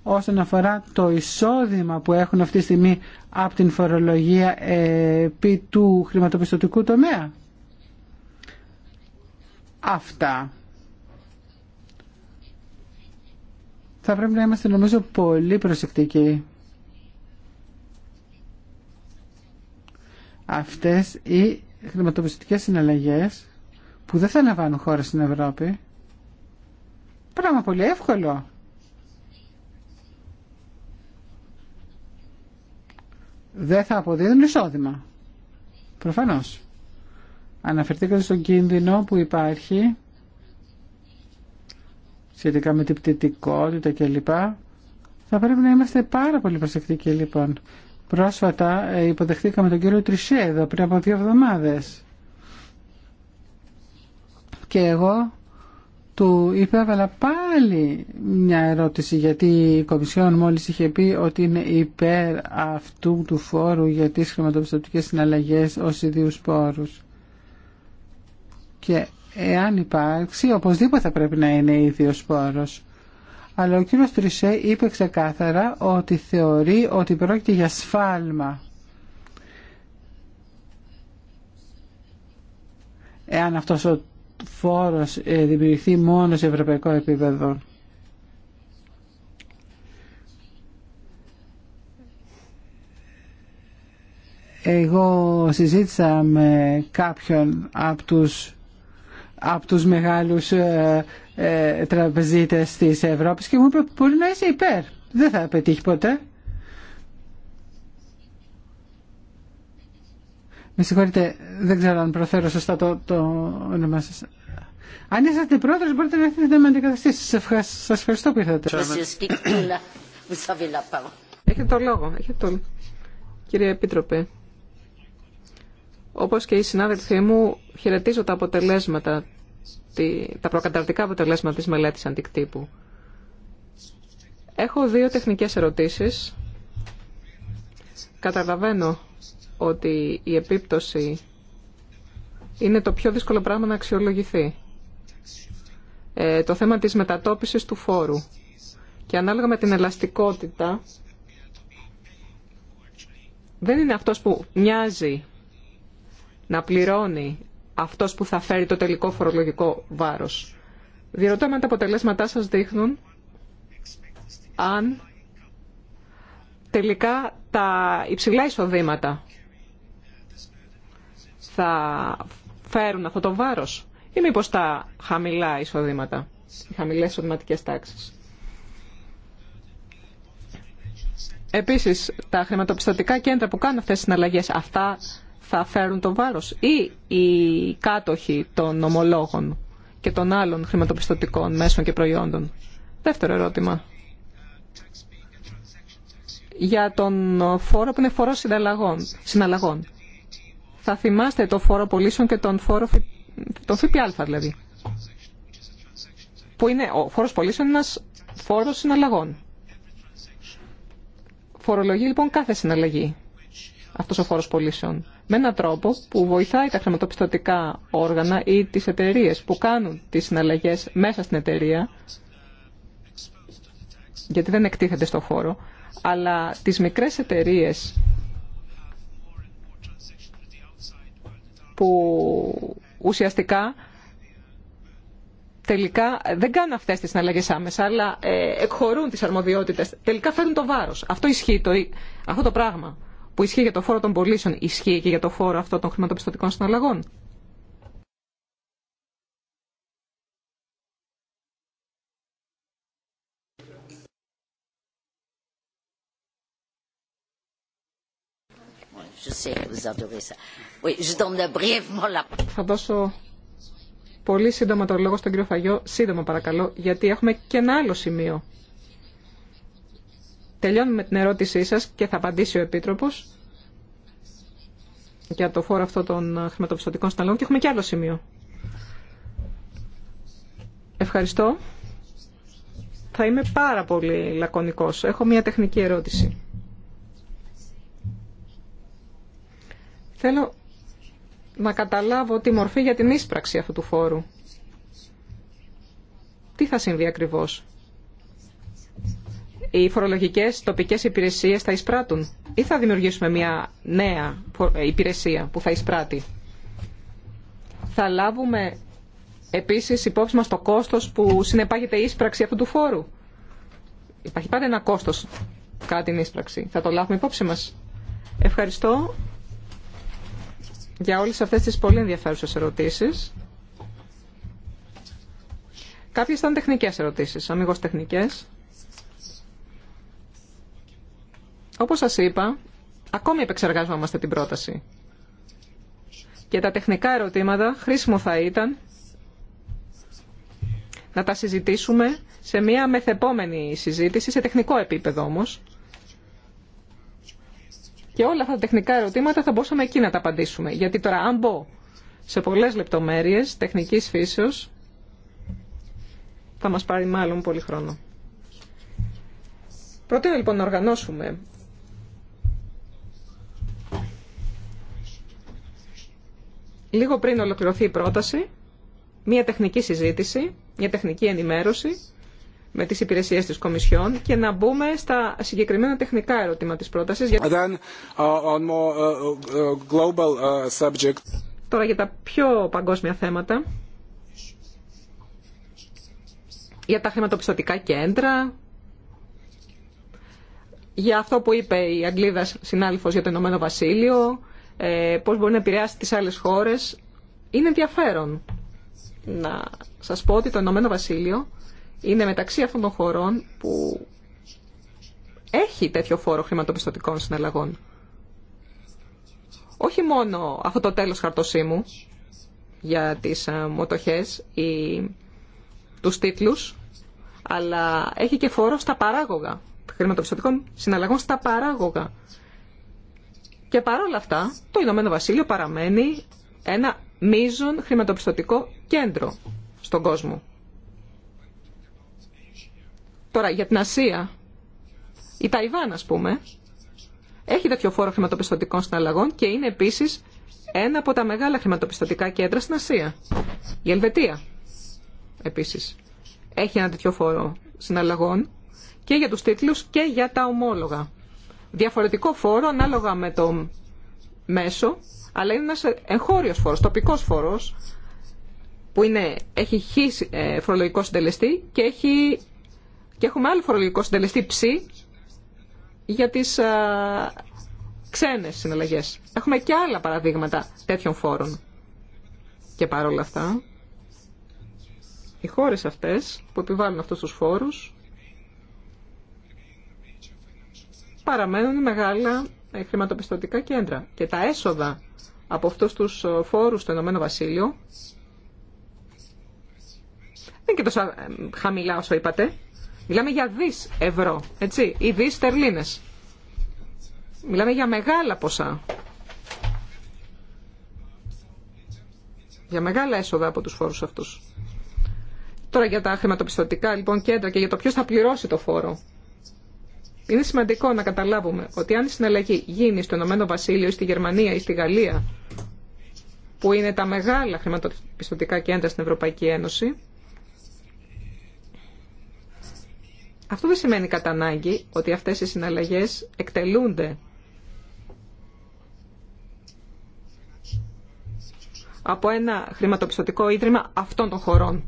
[SPEAKER 4] όσον αφορά το εισόδημα που έχουν αυτή τη στιγμή από την φορολογία ε, επί του χρηματοπιστωτικού τομέα. Αυτά. Θα πρέπει να είμαστε νομίζω πολύ προσεκτικοί. Αυτές οι χρηματοπιστωτικέ συναλλαγές που δεν θα λαμβάνουν χώρα στην Ευρώπη. Πράγμα πολύ εύκολο. Δεν θα αποδίδουν εισόδημα. Προφανώ. Αναφερθήκατε στον κίνδυνο που υπάρχει σχετικά με την πτυτικότητα κλπ. Θα πρέπει να είμαστε πάρα πολύ προσεκτικοί λοιπόν. Πρόσφατα ε, υποδεχτήκαμε τον κύριο Τρισέ εδώ πριν από δύο εβδομάδες και εγώ του υπέβαλα πάλι μια ερώτηση γιατί η Κομισιόν μόλις είχε πει ότι είναι υπέρ αυτού του φόρου για τις χρηματοπιστωτικές συναλλαγές ως ιδίους πόρους. Και εάν υπάρξει, οπωσδήποτε θα πρέπει να είναι ίδιος πόρος αλλά ο κύριος Τρισέ είπε ξεκάθαρα ότι θεωρεί ότι πρόκειται για σφάλμα. Εάν αυτός ο φόρος ε, δημιουργηθεί μόνο σε ευρωπαϊκό επίπεδο. Εγώ συζήτησα με κάποιον από τους από τους μεγάλους ε, ε, τραπεζίτες της Ευρώπης και μου είπε μπορεί να είσαι υπέρ. Δεν θα πετύχει ποτέ. Με συγχωρείτε, δεν ξέρω αν προφέρω σωστά το, όνομά σας. Αν είσαστε πρόεδρος μπορείτε να έρθετε να με αντικαταστήσετε. Σας ευχαριστώ που ήρθατε.
[SPEAKER 2] Έχετε το λόγο. Έχετε το... Κύριε Επίτροπε, όπως και οι συνάδελφοί μου, χαιρετίζω τα αποτελέσματα τα προκαταρτικά αποτελέσματα της μελέτης αντικτύπου. Έχω δύο τεχνικές ερωτήσεις. Καταλαβαίνω ότι η επίπτωση είναι το πιο δύσκολο πράγμα να αξιολογηθεί. Ε, το θέμα της μετατόπισης του φόρου. Και ανάλογα με την ελαστικότητα, δεν είναι αυτός που μοιάζει να πληρώνει αυτός που θα φέρει το τελικό φορολογικό βάρος. Διερωτώ αν τα αποτελέσματά σας δείχνουν αν τελικά τα υψηλά εισοδήματα θα φέρουν αυτό το βάρος ή μήπως τα χαμηλά εισοδήματα, οι χαμηλές εισοδηματικές τάξεις. Επίσης, τα χρηματοπιστωτικά κέντρα που κάνουν αυτές τις συναλλαγές, αυτά θα φέρουν το βάρος ή οι κάτοχοι των ομολόγων και των άλλων χρηματοπιστωτικών μέσων και προϊόντων. Δεύτερο ερώτημα. Για τον φόρο που είναι φόρο συναλλαγών. Θα θυμάστε το φόρο πωλήσεων και τον φόρο τον ΦΠΑ δηλαδή. Που είναι, ο φόρος πωλήσεων είναι ένας φόρος συναλλαγών. Φορολογεί λοιπόν κάθε συναλλαγή αυτός ο φόρος πωλήσεων με έναν τρόπο που βοηθάει τα χρηματοπιστωτικά όργανα ή τις εταιρείε που κάνουν τις συναλλαγές μέσα στην εταιρεία, γιατί δεν εκτίθεται στο χώρο αλλά τις μικρές εταιρείε που ουσιαστικά τελικά δεν κάνουν αυτές τις συναλλαγές άμεσα, αλλά ε, εκχωρούν τις αρμοδιότητες, τελικά φέρουν το βάρος. Αυτό ισχύει, το, αυτό το πράγμα που ισχύει για το φόρο των πωλήσεων ισχύει και για το φόρο αυτό των χρηματοπιστωτικών συναλλαγών. Θα δώσω πολύ σύντομα το λόγο στον κύριο Φαγιό, σύντομα παρακαλώ, γιατί έχουμε και ένα άλλο σημείο Τελειώνουμε με την ερώτησή σας και θα απαντήσει ο Επίτροπος για το φόρο αυτό των χρηματοπιστωτικών σταλών και έχουμε και άλλο σημείο. Ευχαριστώ. Θα είμαι πάρα πολύ λακωνικός. Έχω μια τεχνική ερώτηση. Θέλω να καταλάβω τη μορφή για την ίσπραξη αυτού του φόρου. Τι θα συμβεί ακριβώς οι φορολογικέ τοπικές υπηρεσίες θα εισπράττουν ή θα δημιουργήσουμε μια νέα ε, υπηρεσία που θα εισπράττει. Θα λάβουμε επίση υπόψη μας το κόστος που συνεπάγεται η εισπράξη αυτού του φόρου. Υπάρχει πάντα ένα κόστος κάτι την εισπράξη. Θα το λάβουμε υπόψη μας. Ευχαριστώ για όλες αυτές τις πολύ ενδιαφέρουσες ερωτήσεις. Κάποιες ήταν τεχνικές ερωτήσεις, αμυγός τεχνικές. Όπως σας είπα, ακόμη επεξεργάζομαστε την πρόταση. Και τα τεχνικά ερωτήματα χρήσιμο θα ήταν να τα συζητήσουμε σε μια μεθεπόμενη συζήτηση, σε τεχνικό επίπεδο όμως. Και όλα αυτά τα τεχνικά ερωτήματα θα μπορούσαμε εκεί να τα απαντήσουμε. Γιατί τώρα αν μπω σε πολλές λεπτομέρειες τεχνικής φύσεως, θα μας πάρει μάλλον πολύ χρόνο. Προτείνω λοιπόν να οργανώσουμε Λίγο πριν ολοκληρωθεί η πρόταση, μια τεχνική συζήτηση, μια τεχνική ενημέρωση με τις υπηρεσίες της Κομισιόν και να μπούμε στα συγκεκριμένα τεχνικά ερωτήματα της πρότασης. Uh, uh,
[SPEAKER 5] uh, global,
[SPEAKER 2] Τώρα για τα πιο παγκόσμια θέματα, για τα χρηματοπιστωτικά κέντρα, για αυτό που είπε η Αγγλίδα συνάλληφος για το Ηνωμένο Βασίλειο, ε, πώς μπορεί να επηρεάσει τις άλλες χώρες. Είναι ενδιαφέρον να σας πω ότι το Ηνωμένο Βασίλειο είναι μεταξύ αυτών των χωρών που έχει τέτοιο φόρο χρηματοπιστωτικών συναλλαγών. Όχι μόνο αυτό το τέλος χαρτοσύμου για τις ε, μοτοχές ή τους τίτλους, αλλά έχει και φόρο στα παράγωγα, χρηματοπιστωτικών συναλλαγών στα παράγωγα. Και παρόλα αυτά, το Ηνωμένο Βασίλειο παραμένει ένα μείζον χρηματοπιστωτικό κέντρο στον κόσμο. Τώρα, για την Ασία, η Ταϊβάν, ας πούμε, έχει τέτοιο φόρο χρηματοπιστωτικών συναλλαγών και είναι επίσης ένα από τα μεγάλα χρηματοπιστωτικά κέντρα στην Ασία. Η Ελβετία, επίσης, έχει ένα τέτοιο φόρο συναλλαγών και για τους τίτλους και για τα ομόλογα διαφορετικό φόρο ανάλογα με το μέσο, αλλά είναι ένας εγχώριος φόρος, τοπικός φόρος, που είναι, έχει χ ε, φορολογικό συντελεστή και, έχει, και έχουμε άλλο φορολογικό συντελεστή ψ για τις α, ε, ξένες συναλλαγές. Έχουμε και άλλα παραδείγματα τέτοιων φόρων. Και παρόλα αυτά, οι χώρες αυτές που επιβάλλουν αυτούς τους φόρους παραμένουν μεγάλα χρηματοπιστωτικά κέντρα. Και τα έσοδα από αυτούς τους ε, φόρους στο Ηνωμένο Βασίλειο δεν είναι και τόσο ε, χαμηλά όσο είπατε. Μιλάμε για δις ευρώ, έτσι, ή δις τερλίνες. Μιλάμε για μεγάλα ποσά. Για μεγάλα έσοδα από τους φόρους αυτούς. Τώρα για τα χρηματοπιστωτικά λοιπόν κέντρα και για το ποιος θα πληρώσει το φόρο. Είναι σημαντικό να καταλάβουμε ότι αν η συναλλαγή γίνει στο Ηνωμένο Βασίλειο στη Γερμανία ή στη Γαλλία, που είναι τα μεγάλα χρηματοπιστωτικά κέντρα στην Ευρωπαϊκή Ένωση, αυτό δεν σημαίνει κατά ανάγκη ότι αυτές οι συναλλαγές εκτελούνται από ένα χρηματοπιστωτικό ίδρυμα αυτών των χωρών.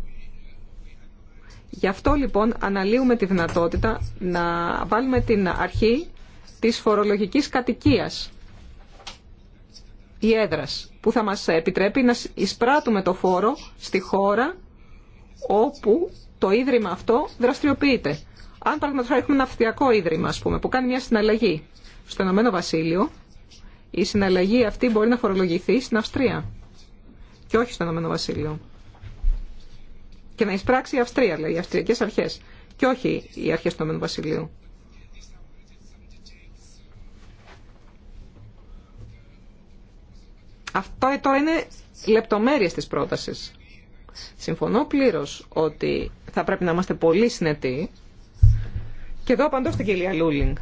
[SPEAKER 2] Γι' αυτό λοιπόν αναλύουμε τη δυνατότητα να βάλουμε την αρχή της φορολογικής κατοικίας ή έδρας που θα μας επιτρέπει να εισπράττουμε το φόρο στη χώρα όπου το ίδρυμα αυτό δραστηριοποιείται. Αν παραδείγματος έχουμε ένα αυτιακό ίδρυμα ας πούμε, που κάνει μια συναλλαγή στο Ηνωμένο Βασίλειο, η συναλλαγή αυτή μπορεί να φορολογηθεί στην Αυστρία και όχι στο Ηνωμένο Βασίλειο και να εισπράξει η Αυστρία, λέει, οι αυστριακές αρχές και όχι οι αρχέ του Βασιλείου. Αυτό ε, τώρα είναι λεπτομέρειε τη πρόταση. Συμφωνώ πλήρω ότι θα πρέπει να είμαστε πολύ συνετοί και εδώ απαντώ στην κυρία Λούλινγκ.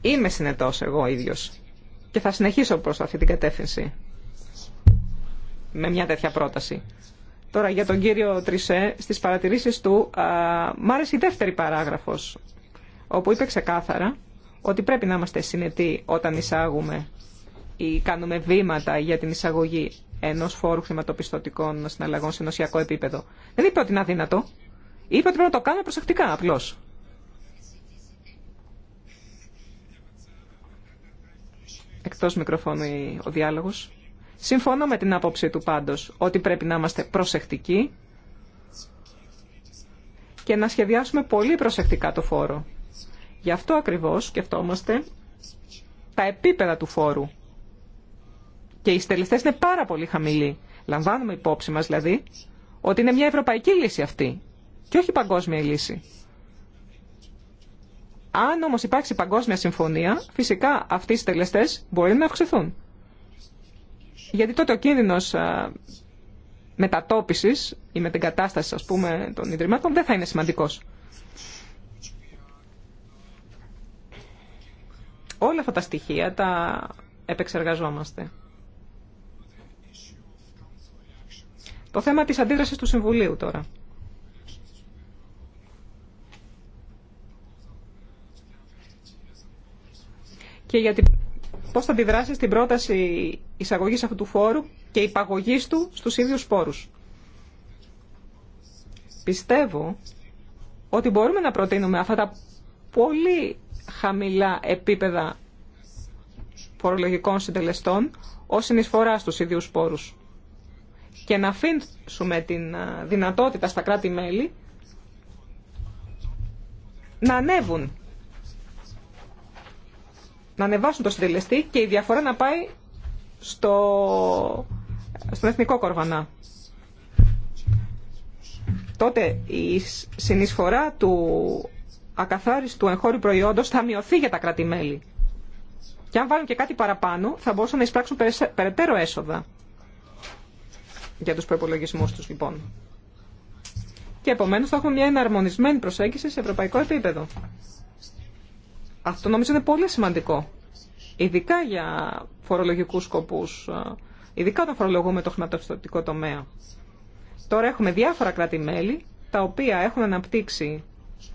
[SPEAKER 2] Είμαι συνετός εγώ ίδιο. και θα συνεχίσω προ αυτή την κατεύθυνση με μια τέτοια πρόταση. Τώρα για τον κύριο Τρισέ, στις παρατηρήσεις του, α, μ' άρεσε η δεύτερη παράγραφος, όπου είπε ξεκάθαρα ότι πρέπει να είμαστε συνετοί όταν εισάγουμε ή κάνουμε βήματα για την εισαγωγή ενό φόρου χρηματοπιστωτικών συναλλαγών σε νοσιακό επίπεδο. Δεν είπε ότι είναι αδύνατο. Είπε ότι πρέπει να το κάνουμε προσεκτικά απλώ. Εκτός μικροφώνου ο διάλογος. Συμφωνώ με την άποψη του πάντως ότι πρέπει να είμαστε προσεκτικοί και να σχεδιάσουμε πολύ προσεκτικά το φόρο. Γι' αυτό ακριβώς σκεφτόμαστε τα επίπεδα του φόρου. Και οι στελεστές είναι πάρα πολύ χαμηλοί. Λαμβάνουμε υπόψη μας δηλαδή ότι είναι μια ευρωπαϊκή λύση αυτή και όχι παγκόσμια λύση. Αν όμως υπάρξει παγκόσμια συμφωνία, φυσικά αυτοί οι στελεστές μπορεί να αυξηθούν γιατί τότε ο κίνδυνος μετατόπισης ή με την κατάσταση, ας πούμε των Ιδρυμάτων δεν θα είναι σημαντικός. Όλα αυτά τα στοιχεία τα επεξεργαζόμαστε. Το θέμα της αντίδρασης του Συμβουλίου τώρα. Και για πώς θα αντιδράσει στην πρόταση εισαγωγή αυτού του φόρου και υπαγωγής του στους ίδιους πόρους. Πιστεύω ότι μπορούμε να προτείνουμε αυτά τα πολύ χαμηλά επίπεδα φορολογικών συντελεστών ω συνεισφορά στους ίδιου πόρους και να αφήσουμε την δυνατότητα στα κράτη-μέλη να ανέβουν να ανεβάσουν το συντελεστή και η διαφορά να πάει στο, στον εθνικό κορβανά. Τότε η συνεισφορά του ακαθάριστου εγχώριου προϊόντος θα μειωθεί για τα κράτη-μέλη. Και αν βάλουν και κάτι παραπάνω, θα μπορούσαν να εισπράξουν περαιτέρω έσοδα για τους προπολογισμού τους, λοιπόν. Και επομένως θα έχουμε μια εναρμονισμένη προσέγγιση σε ευρωπαϊκό επίπεδο. Αυτό νομίζω είναι πολύ σημαντικό. Ειδικά για φορολογικούς σκοπούς, ε, ειδικά όταν φορολογούμε το χρηματοπιστωτικό τομέα. Τώρα έχουμε διάφορα κράτη-μέλη, τα οποία έχουν αναπτύξει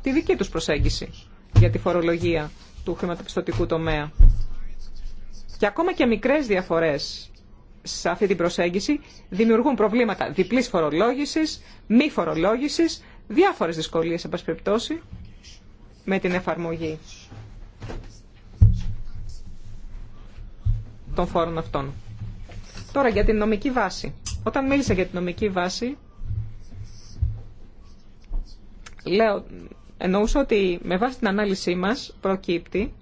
[SPEAKER 2] τη δική τους προσέγγιση για τη φορολογία του χρηματοπιστωτικού τομέα. Και ακόμα και μικρές διαφορές σε αυτή την προσέγγιση δημιουργούν προβλήματα διπλής φορολόγησης, μη φορολόγησης, διάφορες δυσκολίες, εν με την εφαρμογή των φόρων αυτών. Τώρα για την νομική βάση. Όταν μίλησα για την νομική βάση, λέω, εννοούσα ότι με βάση την ανάλυση μας προκύπτει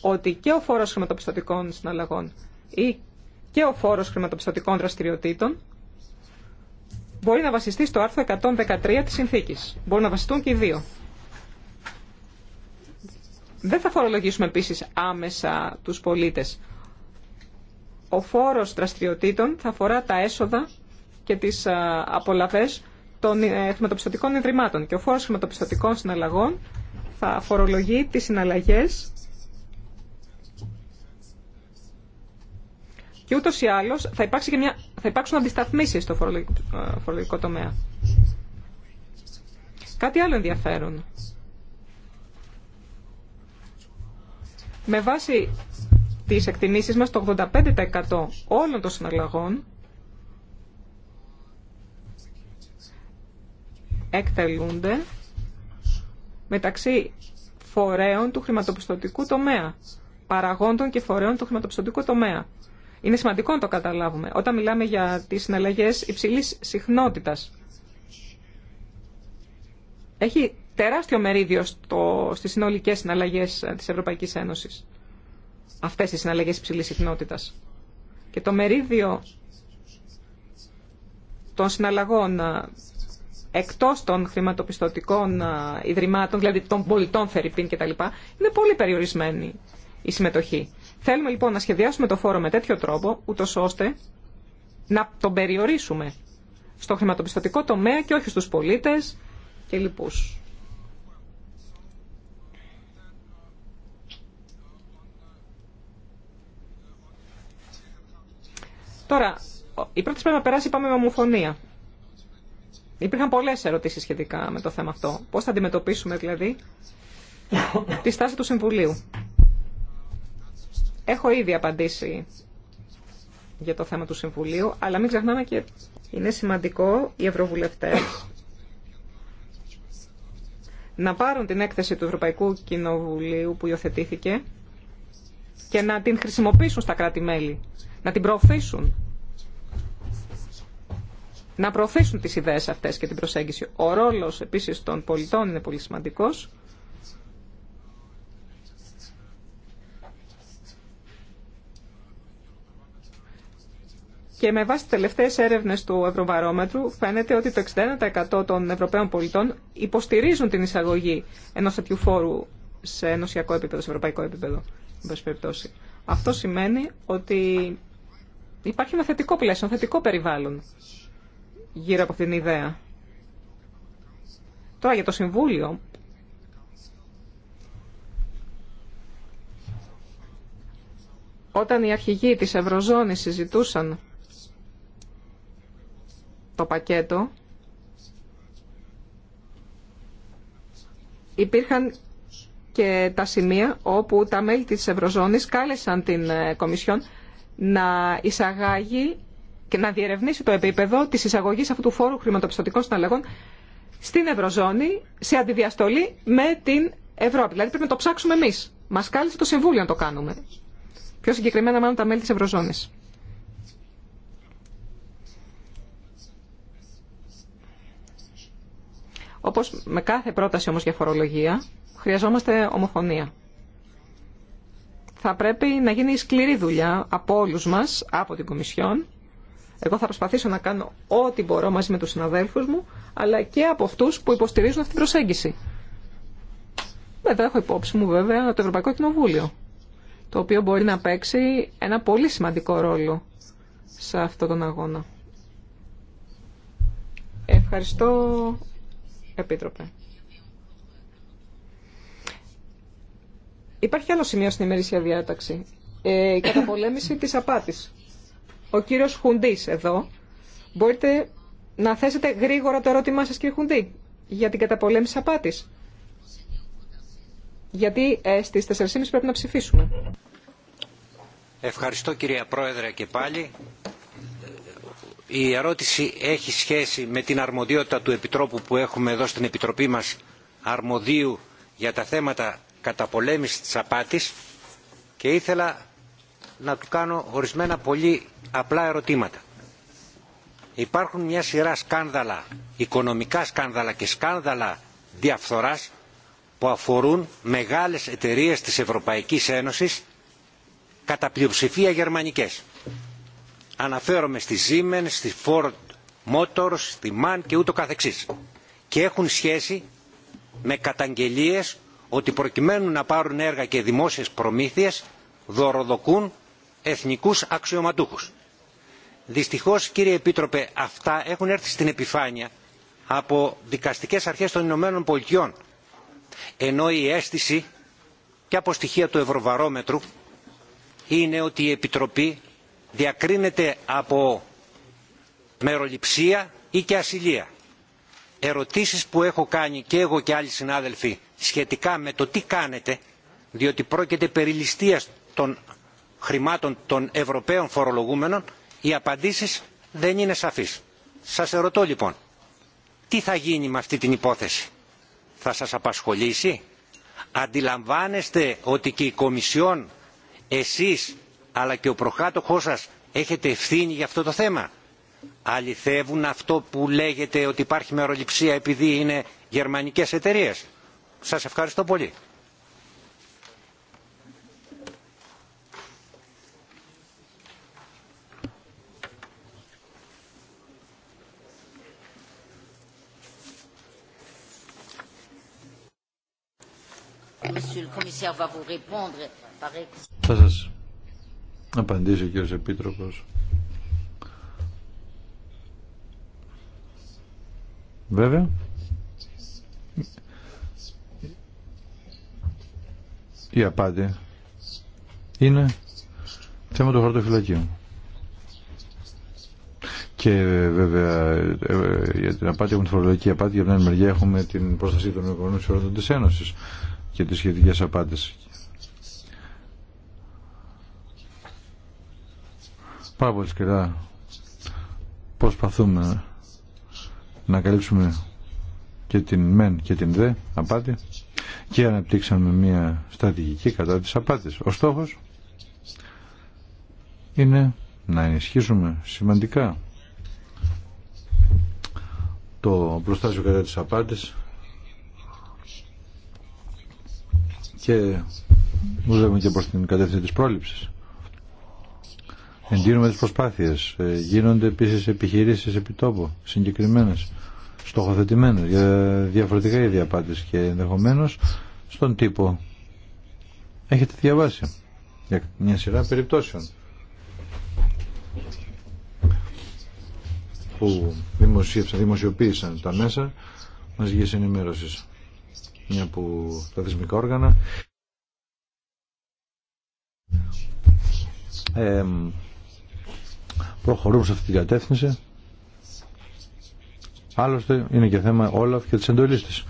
[SPEAKER 2] ότι και ο φόρος χρηματοπιστωτικών συναλλαγών ή και ο φόρος χρηματοπιστωτικών δραστηριοτήτων μπορεί να βασιστεί στο άρθρο 113 της συνθήκης. Μπορεί να βασιστούν και οι δύο. Δεν θα φορολογήσουμε επίσης άμεσα τους πολίτες. Ο φόρος δραστηριοτήτων θα αφορά τα έσοδα και τις απολαβές των ε, χρηματοπιστωτικών ιδρυμάτων και ο φόρος χρηματοπιστωτικών συναλλαγών θα φορολογεί τις συναλλαγές και ούτως ή άλλως θα, υπάρξει μια, θα υπάρξουν αντισταθμίσεις στο φορολογικό ε, τομέα. Κάτι άλλο ενδιαφέρον Με βάση τις εκτιμήσεις μας, το 85% όλων των συναλλαγών εκτελούνται μεταξύ φορέων του χρηματοπιστωτικού τομέα, παραγόντων και φορέων του χρηματοπιστωτικού τομέα. Είναι σημαντικό να το καταλάβουμε όταν μιλάμε για τις συναλλαγές υψηλής συχνότητας. Έχει τεράστιο μερίδιο στο, στις συνολικές συναλλαγές ε, της Ευρωπαϊκής Ένωσης. Αυτές οι συναλλαγές υψηλής συχνότητας. Και το μερίδιο των συναλλαγών ε, εκτός των χρηματοπιστωτικών ε, ιδρυμάτων, δηλαδή των πολιτών Φερρυπίν κτλ, είναι πολύ περιορισμένη η συμμετοχή. Θέλουμε λοιπόν να σχεδιάσουμε το φόρο με τέτοιο τρόπο, ούτω ώστε να τον περιορίσουμε στο χρηματοπιστωτικό τομέα και όχι στους πολίτες και λοιπούς. Τώρα, η πρώτη πρέπει να περάσει πάμε με ομοφωνία. Υπήρχαν πολλέ ερωτήσει σχετικά με το θέμα αυτό. Πώ θα αντιμετωπίσουμε δηλαδή τη στάση του Συμβουλίου. Έχω ήδη απαντήσει για το θέμα του Συμβουλίου, αλλά μην ξεχνάμε και είναι σημαντικό οι ευρωβουλευτέ να πάρουν την έκθεση του Ευρωπαϊκού Κοινοβουλίου που υιοθετήθηκε και να την χρησιμοποιήσουν στα κράτη-μέλη, να την προωθήσουν να προωθήσουν τις ιδέες αυτές και την προσέγγιση. Ο ρόλος επίσης των πολιτών είναι πολύ σημαντικός. Και με βάση τις τελευταίες έρευνες του Ευρωβαρόμετρου φαίνεται ότι το 61% των Ευρωπαίων πολιτών υποστηρίζουν την εισαγωγή ενός τέτοιου φόρου σε ενωσιακό επίπεδο, σε ευρωπαϊκό επίπεδο. Αυτό σημαίνει ότι υπάρχει ένα θετικό πλαίσιο, ένα θετικό περιβάλλον γύρω από αυτήν την ιδέα. Τώρα για το Συμβούλιο. Όταν οι αρχηγοί της Ευρωζώνης συζητούσαν το πακέτο, υπήρχαν και τα σημεία όπου τα μέλη της Ευρωζώνης κάλεσαν την ε, Κομισιόν να εισαγάγει και να διερευνήσει το επίπεδο τη εισαγωγή αυτού του φόρου χρηματοπιστωτικών συναλλαγών στην Ευρωζώνη σε αντιδιαστολή με την Ευρώπη. Δηλαδή πρέπει να το ψάξουμε εμεί. Μα κάλεσε το Συμβούλιο να το κάνουμε. Πιο συγκεκριμένα, μάλλον τα μέλη τη Ευρωζώνη. Όπω με κάθε πρόταση όμως για φορολογία, χρειαζόμαστε ομοφωνία. Θα πρέπει να γίνει σκληρή δουλειά από όλους μας, από την Κομισιόν, εγώ θα προσπαθήσω να κάνω ό,τι μπορώ μαζί με τους συναδέλφους μου, αλλά και από αυτούς που υποστηρίζουν αυτή την προσέγγιση. Βέβαια, έχω υπόψη μου βέβαια το Ευρωπαϊκό Κοινοβούλιο, το οποίο μπορεί να παίξει ένα πολύ σημαντικό ρόλο σε αυτόν τον αγώνα. Ευχαριστώ, Επίτροπε. Υπάρχει άλλο σημείο στην ημερήσια διάταξη. Ε, η καταπολέμηση της απάτης ο κύριος Χουντής εδώ. Μπορείτε να θέσετε γρήγορα το ερώτημά σας κύριε Χουντή για την καταπολέμηση απάτης. Γιατί ε, στις 4.30 πρέπει να ψηφίσουμε.
[SPEAKER 5] Ευχαριστώ κυρία Πρόεδρε και πάλι. Η ερώτηση έχει σχέση με την αρμοδιότητα του Επιτρόπου που έχουμε εδώ στην Επιτροπή μας αρμοδίου για τα θέματα καταπολέμησης της απάτης και ήθελα να του κάνω ορισμένα πολύ απλά ερωτήματα. Υπάρχουν μια σειρά σκάνδαλα, οικονομικά σκάνδαλα και σκάνδαλα διαφθοράς που αφορούν μεγάλες εταιρείες της Ευρωπαϊκής Ένωσης κατά πλειοψηφία γερμανικές. Αναφέρομαι στη Siemens, στη Ford Motors, στη MAN και ούτω καθεξής. Και έχουν σχέση με καταγγελίες ότι προκειμένου να πάρουν έργα και δημόσιες προμήθειες δωροδοκούν εθνικούς αξιωματούχους. Δυστυχώς κύριε Επίτροπε αυτά έχουν έρθει στην επιφάνεια από δικαστικές αρχές των Ηνωμένων Πολιτειών ενώ η αίσθηση και από στοιχεία του Ευρωβαρόμετρου είναι ότι η Επιτροπή διακρίνεται από μεροληψία ή και ασυλία. Ερωτήσεις που έχω κάνει και εγώ και άλλοι συνάδελφοι σχετικά με το τι κάνετε διότι πρόκειται περί των χρημάτων των Ευρωπαίων φορολογούμενων, οι απαντήσεις δεν είναι σαφείς. Σας ερωτώ λοιπόν, τι θα γίνει με αυτή την υπόθεση. Θα σας απασχολήσει. Αντιλαμβάνεστε ότι και η Κομισιόν, εσείς αλλά και ο προκάτοχός σας έχετε ευθύνη για αυτό το θέμα. Αληθεύουν αυτό που λέγεται ότι υπάρχει μεροληψία επειδή είναι γερμανικές εταιρείες. Σας ευχαριστώ πολύ.
[SPEAKER 3] Θα
[SPEAKER 6] σας απαντήσει ο κύριος Επίτροπος. Βέβαια. Η απάτη είναι θέμα του χαρτοφυλακίου. Και βέβαια ε, ε, για την απάτη έχουμε τη φορολογική απάτη, για την άλλη μεριά έχουμε την προστασία των οικονομικών συμφερόντων τη Ένωση και τις σχετικές απάντες. Πάρα πολύ σκληρά προσπαθούμε να καλύψουμε και την μεν και την δε απάτη και αναπτύξαμε μια στρατηγική κατά της απάτης. Ο στόχος είναι να ενισχύσουμε σημαντικά το προστάσιο κατά της απάτης και δουλεύουμε και προς την κατεύθυνση της πρόληψης. Εντείνουμε τις προσπάθειες. Ε, γίνονται επίσης επιχειρήσεις επιτόπου, συγκεκριμένες, στοχοθετημένες για διαφορετικά είδη απάντηση και ενδεχομένω στον τύπο. Έχετε διαβάσει για μια σειρά περιπτώσεων που δημοσίευσαν, δημοσιοποίησαν τα μέσα μας ενημέρωση. ενημέρωσης μια που τα θεσμικά όργανα ε, προχωρούν σε αυτή την κατεύθυνση άλλωστε είναι και θέμα όλα και τη εντολή τη.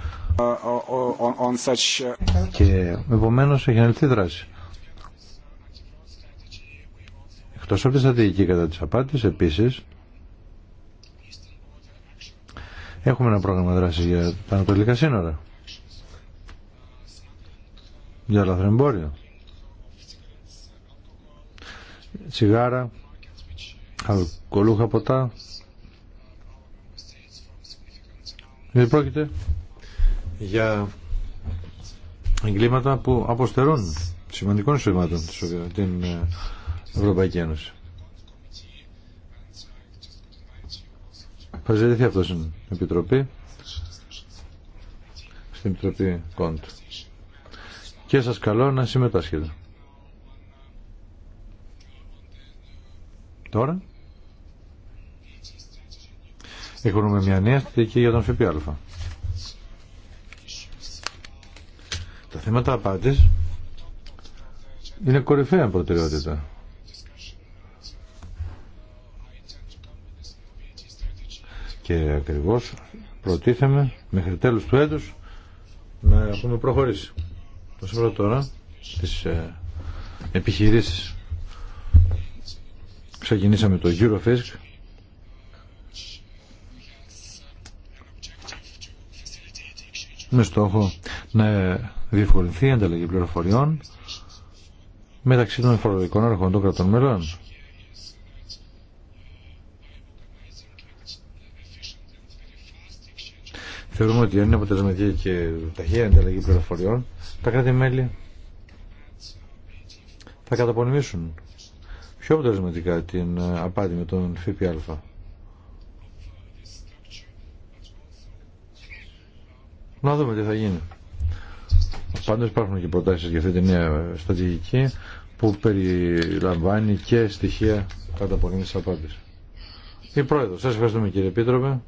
[SPEAKER 6] και επομένω έχει αναλυθεί δράση Εκτό από τη στρατηγική κατά τη απάτης επίση. Έχουμε ένα πρόγραμμα δραση για τα ανατολικά σύνορα για λαθρεμπόριο. Τσιγάρα, αλκοολούχα ποτά. Δεν πρόκειται για εγκλήματα που αποστερούν σημαντικών εισοδημάτων την ε, Ευρωπαϊκή Ένωση. Θα ζητηθεί αυτό στην Επιτροπή, στην Επιτροπή Κόντου και σας καλώ να συμμετάσχετε. Τώρα έχουμε μια νέα στρατηγική για τον ΦΠΑ. Τα θέματα απάτης είναι κορυφαία προτεραιότητα. Και ακριβώς προτίθεμε μέχρι τέλους του έτους να έχουμε προχωρήσει. Ως πρώτο τώρα τις ε, επιχειρήσεις. Ξεκινήσαμε το Eurofisk. Με στόχο να ε, διευκολυνθεί η ανταλλαγή πληροφοριών μεταξύ των φορολογικών αρχών των κρατών μελών. Θεωρούμε ότι είναι αποτελεσματική και ταχεία ανταλλαγή πληροφοριών τα κράτη-μέλη θα καταπονημήσουν πιο αποτελεσματικά την ε, απάτη με τον ΦΠΑ. Να δούμε τι θα γίνει. Πάντως υπάρχουν και προτάσεις για αυτή τη νέα στρατηγική που περιλαμβάνει και στοιχεία καταπονήμησης απάτης. Η Πρόεδρο, σας ευχαριστούμε κύριε Επίτροπε.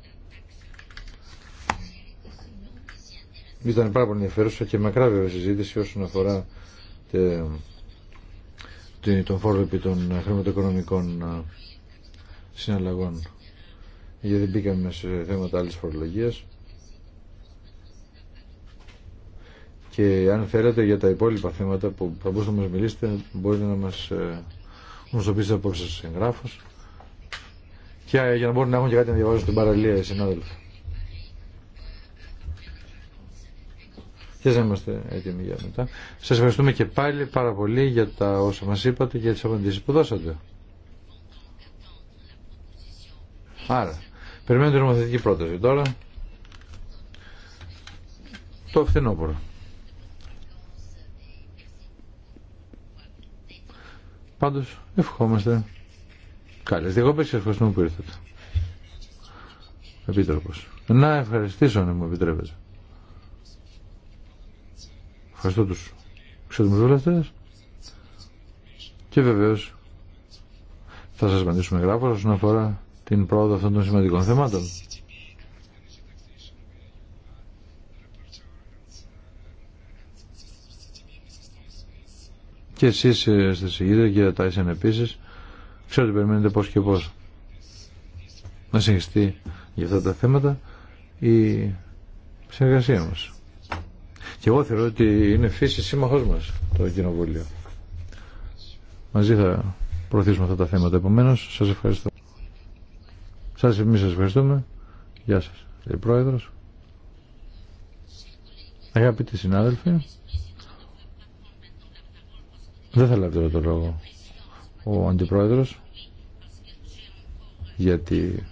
[SPEAKER 6] Ήταν πάρα πολύ ενδιαφέρουσα και μακρά βέβαια συζήτηση όσον αφορά τον φόρο επί των χρηματοοικονομικών συναλλαγών. Γιατί δεν μπήκαμε σε θέματα άλλης φορολογίας. Και αν θέλετε για τα υπόλοιπα θέματα που θα μπορούσατε να μας μιλήσετε, μπορείτε να μας ε, γνωστοποιήσετε απόψε σας εγγράφους. Και για να μπορούν να έχουν και κάτι να διαβάζουν στην παραλία οι συνάδελφοι. και να είμαστε έτοιμοι για μετά. Σα ευχαριστούμε και πάλι πάρα πολύ για τα όσα μα είπατε και για τις απαντήσεις που δώσατε. Άρα, περιμένουμε την νομοθετική πρόταση τώρα. Το φθινόπωρο. Πάντω, ευχόμαστε. Καλές διακοπέ, και ευχαριστούμε που ήρθατε. Επίτροπο. Να ευχαριστήσω αν μου επιτρέπετε. Ευχαριστώ τους ξέρουμε βουλευτές και βεβαίως θα σας απαντήσουμε γράφω όσον αφορά την πρόοδο αυτών των σημαντικών θεμάτων. Και εσείς ε, στη συγκύρια και τα Τάισεν επίσης ξέρω ότι περιμένετε πώς και πώς να συγχυστεί για αυτά τα θέματα η συνεργασία μας. Και εγώ θεωρώ ότι είναι φύση σύμμαχό μα το Κοινοβούλιο. Μαζί θα προωθήσουμε αυτά τα θέματα. επομένω, σα ευχαριστώ. Σα εμεί σα ευχαριστούμε. Γεια σας, κύριε Πρόεδρο. Αγαπητοί συνάδελφοι, δεν θα λάβει το λόγο ο Αντιπρόεδρος, γιατί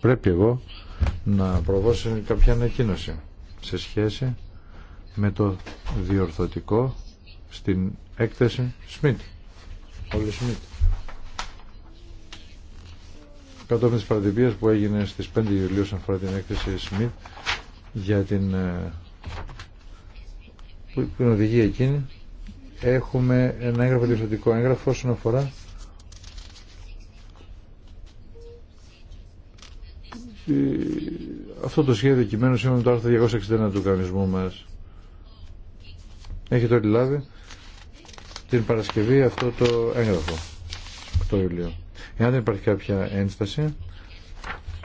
[SPEAKER 6] πρέπει εγώ να προβώσω σε κάποια ανακοίνωση σε σχέση με το διορθωτικό στην έκθεση Σμιτ. Όλοι Σμιτ. Κατόπιν της που έγινε στις 5 Ιουλίου σαν αφορά την έκθεση Σμιτ για την ε, την οδηγία εκείνη έχουμε ένα έγγραφο διορθωτικό έγγραφο όσον αφορά ε, αυτό το σχέδιο κειμένου σήμερα με το άρθρο 261 του κανονισμού μας έχετε όλοι λάβει την Παρασκευή αυτό το έγγραφο, το Ιουλίο. Εάν δεν υπάρχει κάποια ένσταση,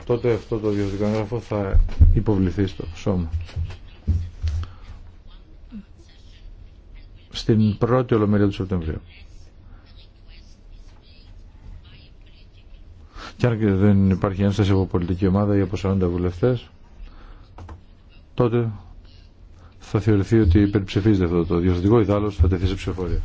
[SPEAKER 6] τότε αυτό το διοικητικό έγγραφο θα υποβληθεί στο σώμα. Στην πρώτη ολομέλεια του Σεπτεμβρίου. Και αν δεν υπάρχει ένσταση από πολιτική ομάδα ή από 40 βουλευτές, τότε θα θεωρηθεί ότι υπερψηφίζεται αυτό το διορθωτικό ιδάλλως θα τεθεί σε ψηφοφορία.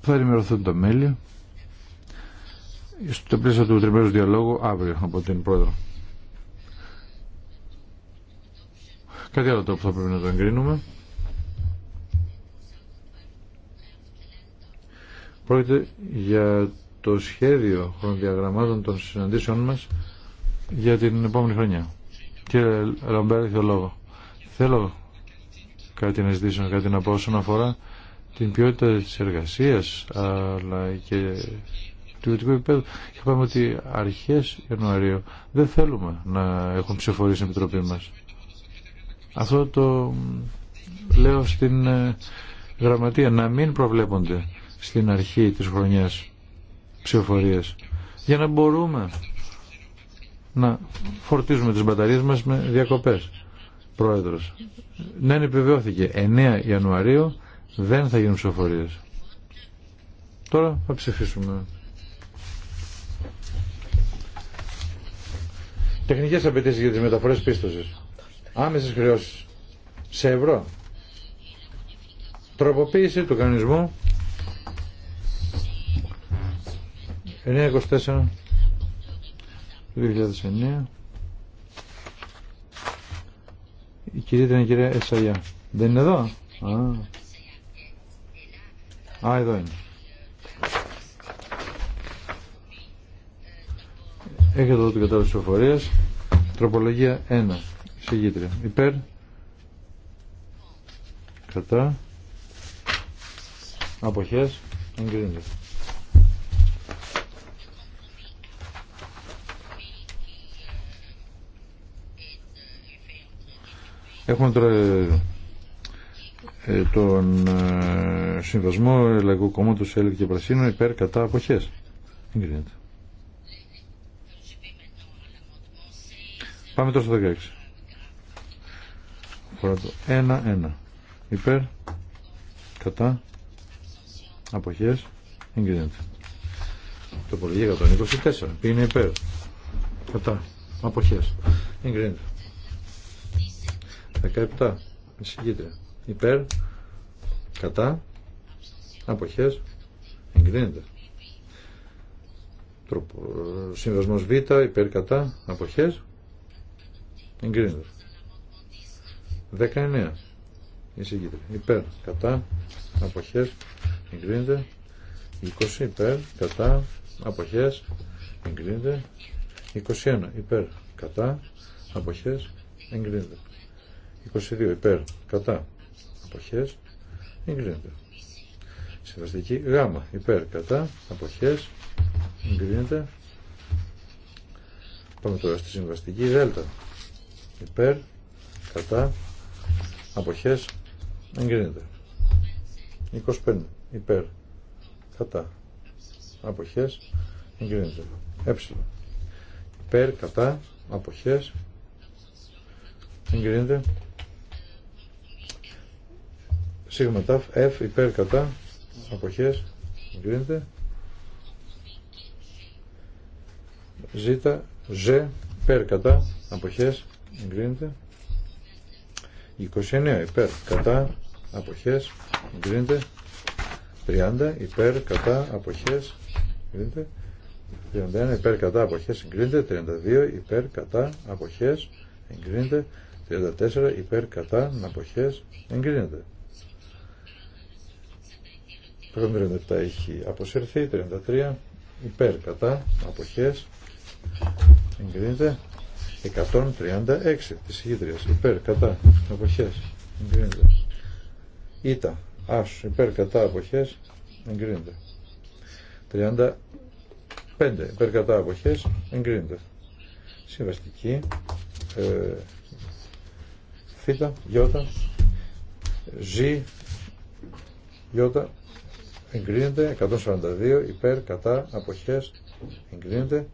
[SPEAKER 6] Θα ενημερωθούν τα μέλη στο πλαίσιο του τριμμένου διαλόγου αύριο από την πρόεδρο. Κάτι άλλο το που θα πρέπει να το εγκρίνουμε. Πρόκειται για το σχέδιο χρονοδιαγραμμάτων των συναντήσεων μας για την επόμενη χρονιά. Κύριε Ραμπέρ, έχει λόγο. Θέλω κάτι να ζητήσω, κάτι να πω όσον αφορά την ποιότητα της εργασίας αλλά και του ιδιωτικού επίπεδου. Είπαμε ότι αρχές Ιανουαρίου δεν θέλουμε να έχουν ψηφορήσει στην Επιτροπή μας. Αυτό το λέω στην ε, γραμματεία, να μην προβλέπονται στην αρχή της χρονιάς για να μπορούμε να φορτίζουμε τις μπαταρίες μας με διακοπές. Πρόεδρος, ναι επιβεβαιώθηκε 9 Ιανουαρίου δεν θα γίνουν ψηφοφορίες. Τώρα θα ψηφίσουμε. Τεχνικέ απαιτήσει για τις μεταφορές πίστοση. Άμεσε χρεώσει. Σε ευρώ. Τροποποίηση του κανονισμού 924 2009 η κυρία ήταν η κυρία Εσαγιά. Δεν είναι εδώ. Α, Α εδώ είναι. Έχετε εδώ την κατάλληλη ψηφοφορία. Τροπολογία 1. Συγγήτρια. Υπέρ. Κατά. Αποχές. Εγκρίνεται. Έχουμε τώρα ε, τον ε, συμβασμό Λαϊκού Κόμματος Έλλη και Πρασίνων υπέρ κατά αποχές. Εγκρίνεται. Πάμε τώρα στο 16. Φορά το 1-1. Υπέρ, κατά, αποχές, εγκρίνεται. Το 124. Ποιοι είναι υπέρ, κατά, αποχές, εγκρίνεται. 17 εισηγείται υπέρ κατά αποχές εγκρίνεται Συνδεσμός Β υπέρ κατά αποχές εγκρίνεται 19 εισηγείται υπέρ κατά αποχές εγκρίνεται 20 υπέρ κατά αποχές εγκρίνεται 21 υπέρ κατά αποχές εγκρίνεται 22 υπέρ κατά αποχές εγκρίνεται. Συμβαστική γάμα υπέρ κατά αποχές εγκρίνεται. Πάμε τώρα στη συμβαστική δέλτα υπέρ κατά αποχές εγκρίνεται. 25 υπέρ κατά αποχές εγκρίνεται. Ε υπέρ κατά αποχές εγκρίνεται σίγμα τάφ, F υπέρ κατά αποχές εγκρίνεται Ζ, Ζ υπέρ κατά αποχές εγκρίνεται 29 υπέρ κατά αποχές εγκρίνεται 30 υπέρ κατά αποχές εγκρίνεται 31 υπέρ κατά αποχές εγκρίνεται 32 υπέρ κατά αποχές εγκρίνεται 34 υπέρ κατά αποχές εγκρίνεται 137 έχει αποσυρθεί, 33 υπέρ κατά αποχές εγκρίνεται 136 της ίδρυας υπέρ κατά αποχές εγκρίνεται ήτα άσου, υπέρ κατά αποχές εγκρίνεται 35 υπέρ κατά αποχές εγκρίνεται συμβαστική ε, θήτα γιώτα ζ γιώτα εγκρίνεται 142 υπέρ κατά αποχές εγκρίνεται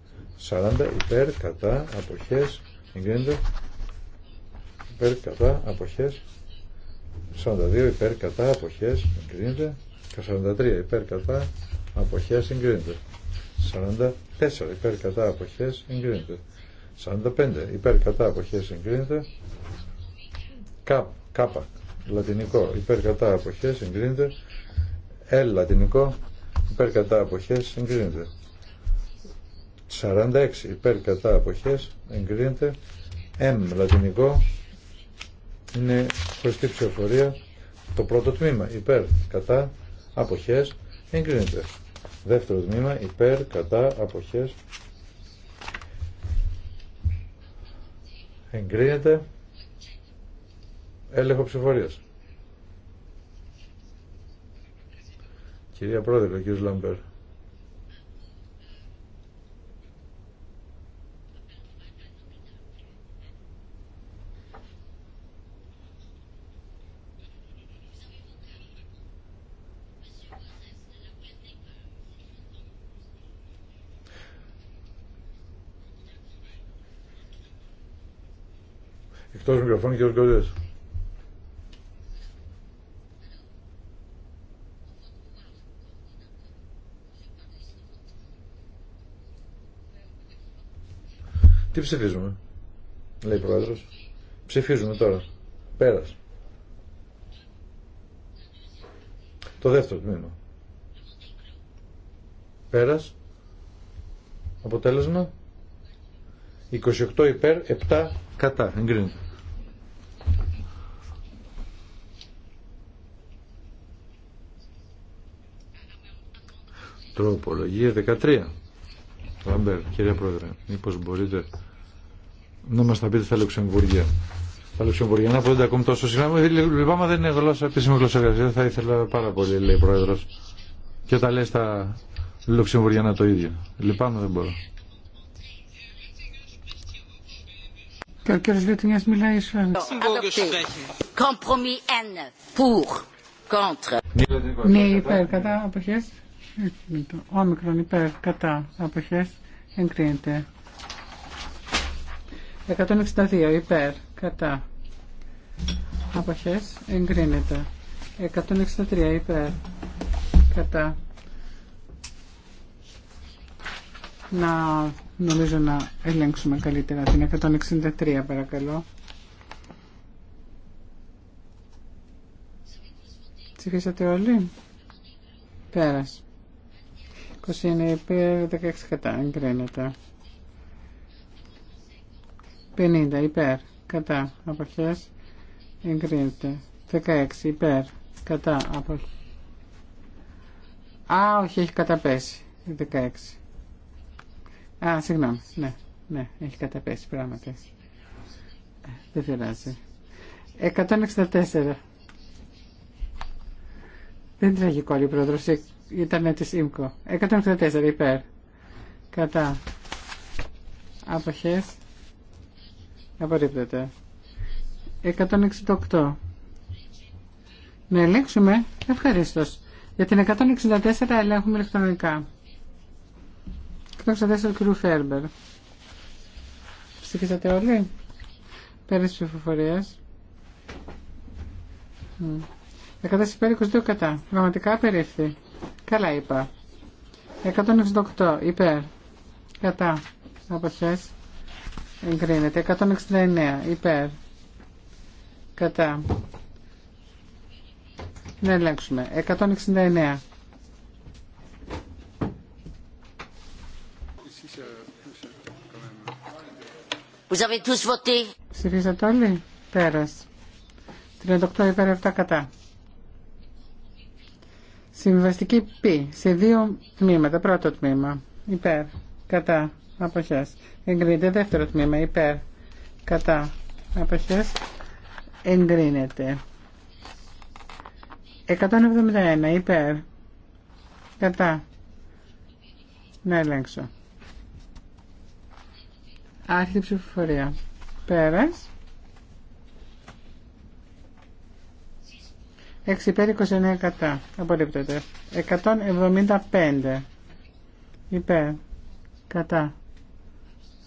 [SPEAKER 6] 40 υπέρ κατά αποχές εγκρίνεται υπέρ κατά αποχές 42 υπέρ κατά αποχές εγκρίνεται 43 υπέρ κατά αποχές εγκρίνεται 44 υπέρ κατά αποχές εγκρίνεται 45 υπέρ κατά αποχές εγκρίνεται κάπα λατινικό υπέρ κατά αποχές εγκρίνεται L λατινικό υπέρ κατά αποχές εγκρίνεται. 46 υπέρ κατά αποχές εγκρίνεται. M λατινικό είναι χωριστή ψηφορία το πρώτο τμήμα υπέρ κατά αποχές εγκρίνεται. Δεύτερο τμήμα υπέρ κατά αποχές εγκρίνεται έλεγχο ψηφορίας. Κυρία Πρόεδρε, ο κ. Λαμπέρ. Εκτός μικροφώνου και ο Τι ψηφίζουμε, λέει ο πρόεδρο. Ψηφίζουμε τώρα. Πέρα. Το δεύτερο τμήμα. Πέρα. Αποτέλεσμα. 28 υπέρ, 7 κατά. Εγκρίνεται. Τροπολογία 13. Ράμπερ, κύριε Πρόεδρε, μήπως μπορείτε να μας τα πείτε στα Λουξεμβουργία. Τα Λουξεμβουργιά να πούνται ακόμη τόσο συχνά. Ε, λυπάμαι δεν είναι γλώσσα, επίσημη γλώσσα εργασία. Θα ήθελα πάρα πολύ, λέει ο Πρόεδρο. Και τα λέει στα να το ίδιο. Λυπάμαι δεν μπορώ.
[SPEAKER 4] Και ο μιλάει Ισραήλ.
[SPEAKER 3] Ναι, υπέρ,
[SPEAKER 4] κατά, όμικρον υπέρ κατά αποχές εγκρίνεται 162 υπέρ κατά αποχές εγκρίνεται 163 υπέρ κατά να νομίζω να ελέγξουμε καλύτερα την 163 παρακαλώ ψηφίσατε όλοι Πέρασε. 29 υπέρ, 16 κατά, εγκρίνεται. 50 υπέρ, κατά, αποχές, εγκρίνεται. 16 υπέρ, κατά, αποχές. Α, όχι, έχει καταπέσει. 16. Α, συγγνώμη, ναι, ναι, έχει καταπέσει πράγματι. Δεν πειράζει. 164. Δεν είναι τραγικό, λέει ο ήταν τη ΙΜΚΟ. 164 υπέρ. Κατά. Αποχέ. Απορρίπτεται. 168. Να ελέγξουμε. Ευχαριστώ. Για την 164 ελέγχουμε ηλεκτρονικά. 164 του κ. Φέρμπερ. Ψήφισατε όλοι. Πέρα τη ψηφοφορία. 100 κατά. Πραγματικά απερίφθη. Καλά είπα. 168 υπέρ. Κατά. Αποχές. Εγκρίνεται. 169 υπέρ. Κατά. Να ελέγξουμε. 169.
[SPEAKER 3] Vous avez tous voté.
[SPEAKER 4] Ψηφίσατε όλοι. Πέρας. 38 υπέρ 7 κατά. Συμβαστική π. Σε δύο τμήματα. Πρώτο τμήμα. Υπέρ. Κατά. Αποχές. Εγκρίνεται. Δεύτερο τμήμα. Υπέρ. Κατά. Αποχές. Εγκρίνεται. 171. Υπέρ. Κατά. Να ελέγξω. Άρχιψη ψηφοφορία. Πέρας. 6 υπέρ 29 κατά. Απορρίπτεται. 175 υπέρ κατά.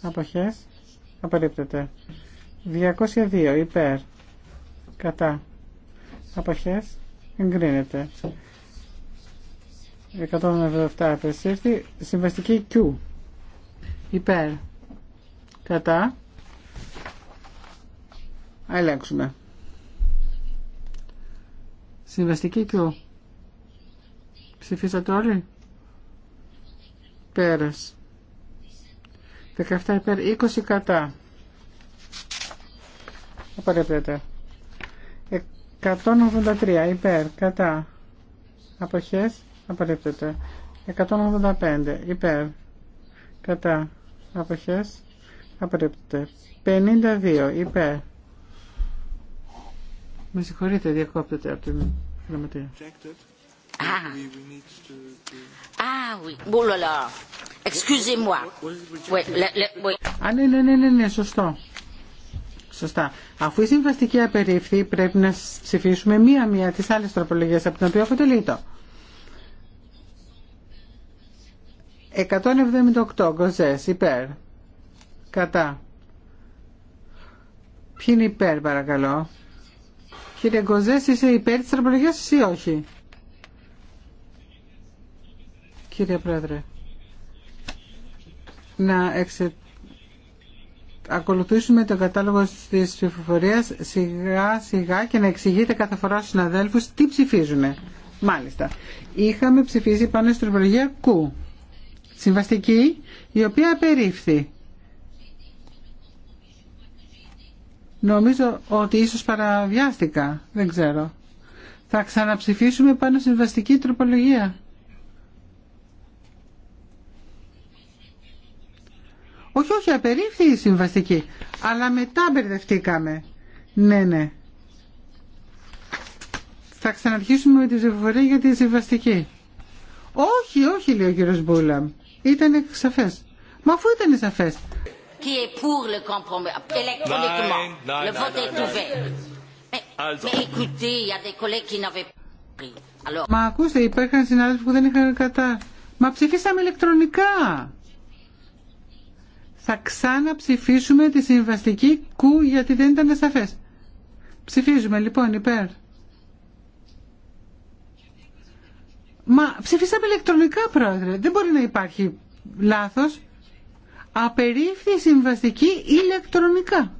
[SPEAKER 4] Αποχές. Απορρίπτεται. 202 υπέρ κατά. Αποχές. Εγκρίνεται. 177 επεσύρθη. Συμβαστική Q. Υπέρ. Κατά. Ελέγξουμε. Συμβαστική του Ψηφίσατε όλοι. Πέρας. 17 υπέρ 20 κατά. Απαραίτητα. 183 υπέρ κατά. Αποχές. Απαραίτητα. 185 υπέρ κατά. Αποχές. Απαραίτητα. 52 υπέρ με συγχωρείτε, διακόπτεται από την γραμματεία. Α, ναι, ναι, ναι, ναι, ναι, σωστό. Σωστά. Αφού η συμβαστική απερίφθη, πρέπει να ψηφίσουμε μία-μία τις άλλες τροπολογίες από την οποία αποτελεί το. 178 γκοζές υπέρ. Κατά. Ποιοι είναι υπέρ παρακαλώ. Κύριε Γκοζέ, είσαι υπέρ της τραπολογίας ή όχι. Κύριε Πρόεδρε, να εξε... ακολουθήσουμε τον κατάλογο της ψηφοφορία σιγά σιγά και να εξηγείτε κάθε φορά στους συναδέλφους τι ψηφίζουν. Μάλιστα. Είχαμε ψηφίσει πάνω στην τροπολογία ΚΟΥ, συμβαστική, η οποία απερίφθη. Νομίζω ότι ίσως παραβιάστηκα. Δεν ξέρω. Θα ξαναψηφίσουμε πάνω στην βαστική τροπολογία. Όχι, όχι, απερίφθη η συμβαστική. Αλλά μετά μπερδευτήκαμε. Ναι, ναι. Θα ξαναρχίσουμε με τη ζευγορία για τη συμβαστική. Όχι, όχι, λέει ο κύριος Μπούλαμ. Ήταν σαφές. Μα αφού ήταν σαφές
[SPEAKER 3] qui est pour
[SPEAKER 4] Μα ακούστε, υπήρχαν συνάδελφοι που δεν είχαν κατά. Μα ψηφίσαμε ηλεκτρονικά. Θα ξαναψηφίσουμε τη συμβαστική κου γιατί δεν ήταν σαφές. Ψηφίζουμε λοιπόν υπέρ. Μα ψηφίσαμε ηλεκτρονικά πρόεδρε. Δεν μπορεί να υπάρχει λάθος απερίφθη συμβαστική ηλεκτρονικά.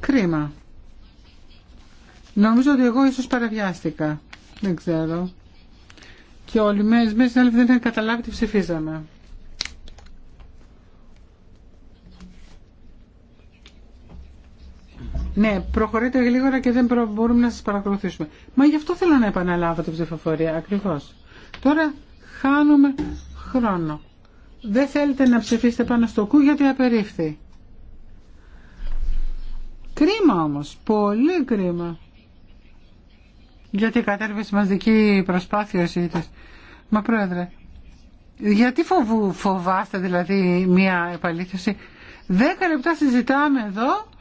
[SPEAKER 4] Κρίμα. Νομίζω ότι εγώ ίσως παραβιάστηκα. Δεν ξέρω. Και όλοι μέσα στην δεν είχαν καταλάβει τι ψηφίζαμε. Ναι, προχωρείτε γλίγορα και δεν μπορούμε να σας παρακολουθήσουμε. Μα γι' αυτό θέλω να επαναλάβω την ψηφοφορία, ακριβώς. Τώρα χάνουμε χρόνο. Δεν θέλετε να ψηφίσετε πάνω στο κου γιατί απερίφθη. Κρίμα όμως, πολύ κρίμα. Γιατί κατέρευε σημαντική προσπάθεια ΣΥΤΕΣ. Μα πρόεδρε, γιατί φοβού, φοβάστε δηλαδή μια επαλήθευση. Δέκα λεπτά συζητάμε εδώ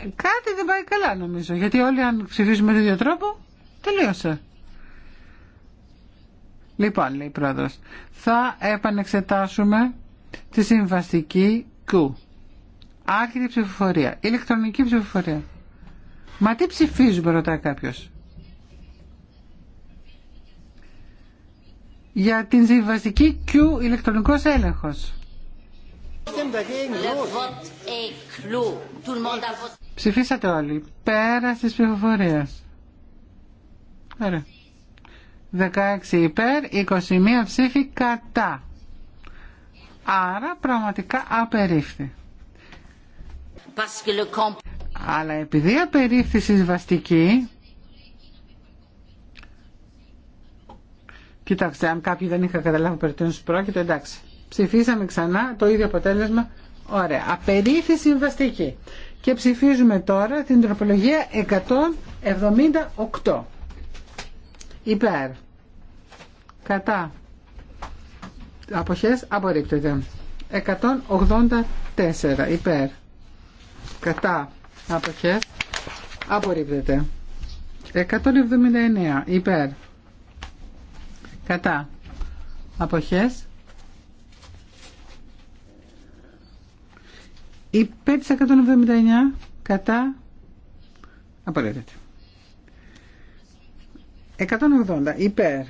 [SPEAKER 4] κάτι δεν πάει καλά νομίζω. Γιατί όλοι αν με τον ίδιο τρόπο, τελείωσε. Λοιπόν, λέει η θα επανεξετάσουμε τη συμβαστική Q. Άκρη ψηφοφορία, ηλεκτρονική ψηφοφορία. Μα τι ψηφίζουμε ρωτάει κάποιος. Για την συμβαστική Q ηλεκτρονικός έλεγχος. Ψηφίσατε όλοι. Πέρα τη ψηφοφορία. Ωραία. 16 υπέρ, 21 ψήφοι κατά. Άρα πραγματικά απερίφθη. Αλλά επειδή απερίφθη συμβαστική, κοιτάξτε, αν κάποιοι δεν είχαν καταλάβει περί τίνο πρόκειται, εντάξει ψηφίσαμε ξανά το ίδιο αποτέλεσμα. Ωραία. Απερίφηση συμβαστική. Και ψηφίζουμε τώρα την τροπολογία 178. Υπέρ. Κατά. Αποχές απορρίπτεται. 184. Υπέρ. Κατά. Αποχές απορρίπτεται. 179. Υπέρ. Κατά. Αποχές Υπέρ της 179 κατά απορρίπτεται. 180 υπέρ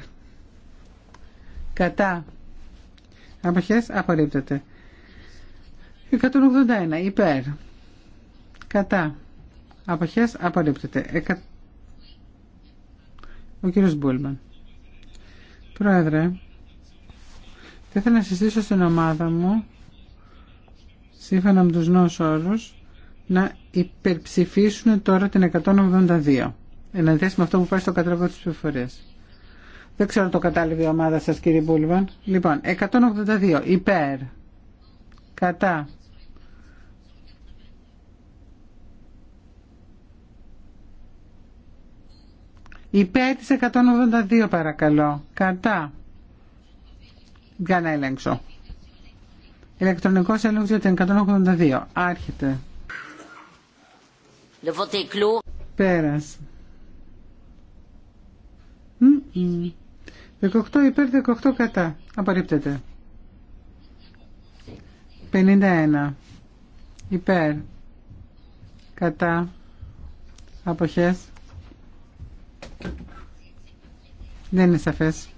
[SPEAKER 4] κατά αποχές απορρίπτεται. 181 υπέρ κατά αποχές απορρίπτεται. Ο κύριος Μπούλμαν. Πρόεδρε, θα να συζητήσω στην ομάδα μου σύμφωνα με τους νέους όρους να υπερψηφίσουν τώρα την 182 εναντίον με αυτό που πάει στο κατάλογο της ψηφοφορίας. Δεν ξέρω το κατάλληλο η ομάδα σας κύριε Μπούλβαν. Λοιπόν, 182 υπέρ κατά Υπέρ της 182 παρακαλώ. Κατά. Για να ελέγξω. Ηλεκτρονικό έλεγχο για την 182. Άρχεται. Πέρασε. 18 υπέρ 18 κατά. Απορρίπτεται. 51. Υπέρ. Κατά. Αποχές. Δεν είναι σαφές.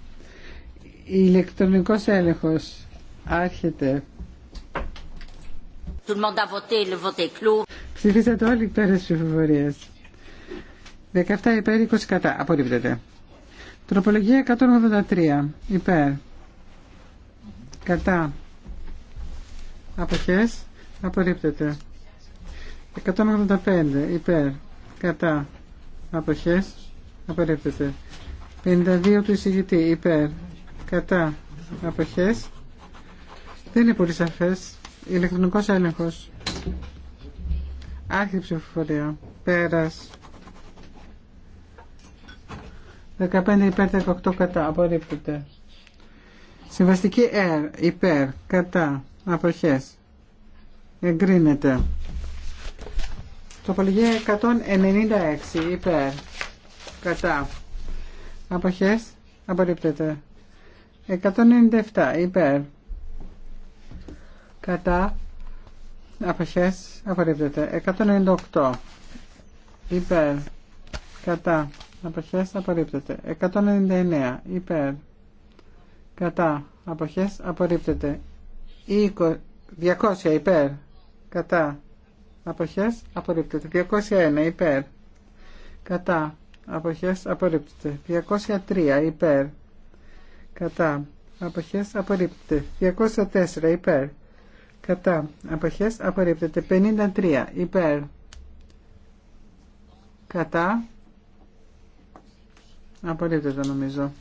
[SPEAKER 4] Ηλεκτρονικός έλεγχος. Άρχεται. Ψηφίσατε όλοι πέρα τη ψηφοφορία. 17 υπέρ, 20 κατά. Απορρίπτεται. Τροπολογία 183. Υπέρ. Κατά. Αποχές. Απορρίπτεται. 185. Υπέρ. Κατά. Αποχές. Απορρίπτεται. 52 του εισηγητή. Υπέρ. Κατά. Αποχές. Δεν είναι πολύ σαφές. Ηλεκτρονικός έλεγχος. Άρχη ψηφοφορία. Πέρας. 15 υπέρ 18 κατά. Απορρίπτεται. Συμβαστική R. Υπέρ. Κατά. Αποχές. Εγκρίνεται. Τοπολογία 196. Υπέρ. Κατά. Αποχές. Απορρίπτεται. 197. Υπέρ κατά αποχές απορρίπτεται 198 υπέρ κατά αποχές απορρίπτεται 199 υπέρ κατά αποχές απορρίπτεται 200 υπέρ κατά αποχές απορρίπτεται 201 υπέρ κατά αποχές απορρίπτεται 203 υπέρ κατά αποχές απορρίπτεται 204 υπέρ κατά αποχές απορρίπτεται 53 υπέρ κατά απορρίπτεται νομίζω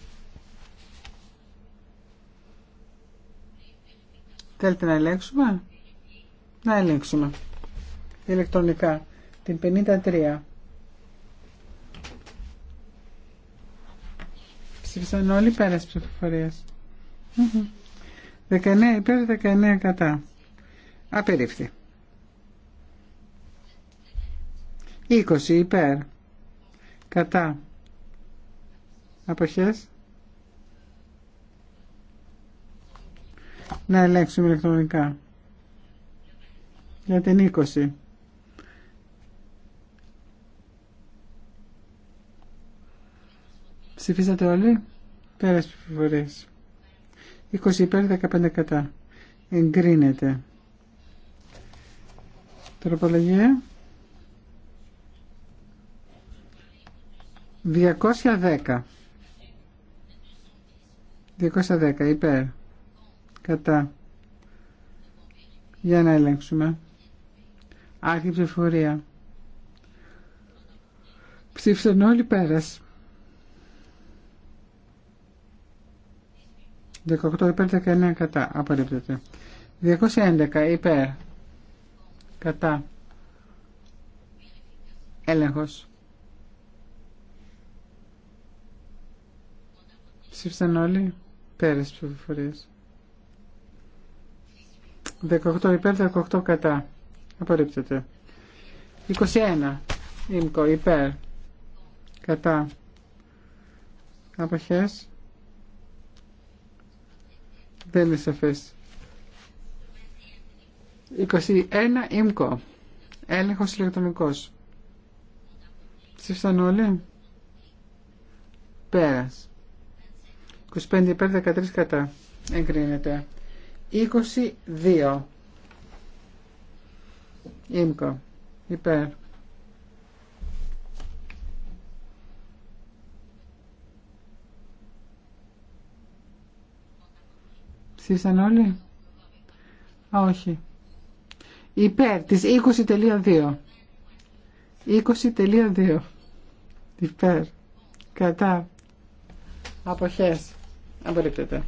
[SPEAKER 4] θέλετε να ελέγξουμε να ελέγξουμε ηλεκτρονικά την 53 ψήφισαν όλοι πέρας ψηφοφορίας 19 υπέρ 19 κατά Απερίφθη. 20 υπέρ. Κατά. Αποχές. Να ελέγξουμε ηλεκτρονικά. Για την 20. Ψηφίσατε όλοι. Πέρας ψηφοφορίες. 20 υπέρ 15 κατά. Εγκρίνεται. Τροπολογία. 210. 210 υπέρ. Κατά. Για να ελέγξουμε. Άρχη ψηφορία. Ψήφισαν όλοι πέρας. 18 υπέρ 19 κατά. Απορρίπτεται. 211 υπέρ κατά έλεγχος. Ψήφισαν όλοι πέρες ψηφοφορίες. 18 υπέρ, 18 κατά. Απορρίπτεται. 21. Ήμκο, υπέρ. Κατά. Αποχές. Δεν είναι σαφές. 21 ΙΜΚΟ. Έλεγχος ηλεκτρονικός. Ψήφισαν όλοι. Πέρας. 25 υπέρ 13 κατά. Εγκρίνεται. 22. ΙΜΚΟ Υπέρ. Ψήφισαν όλοι. όχι υπέρ της 20.2 20.2 υπέρ κατά αποχές απορρίπτεται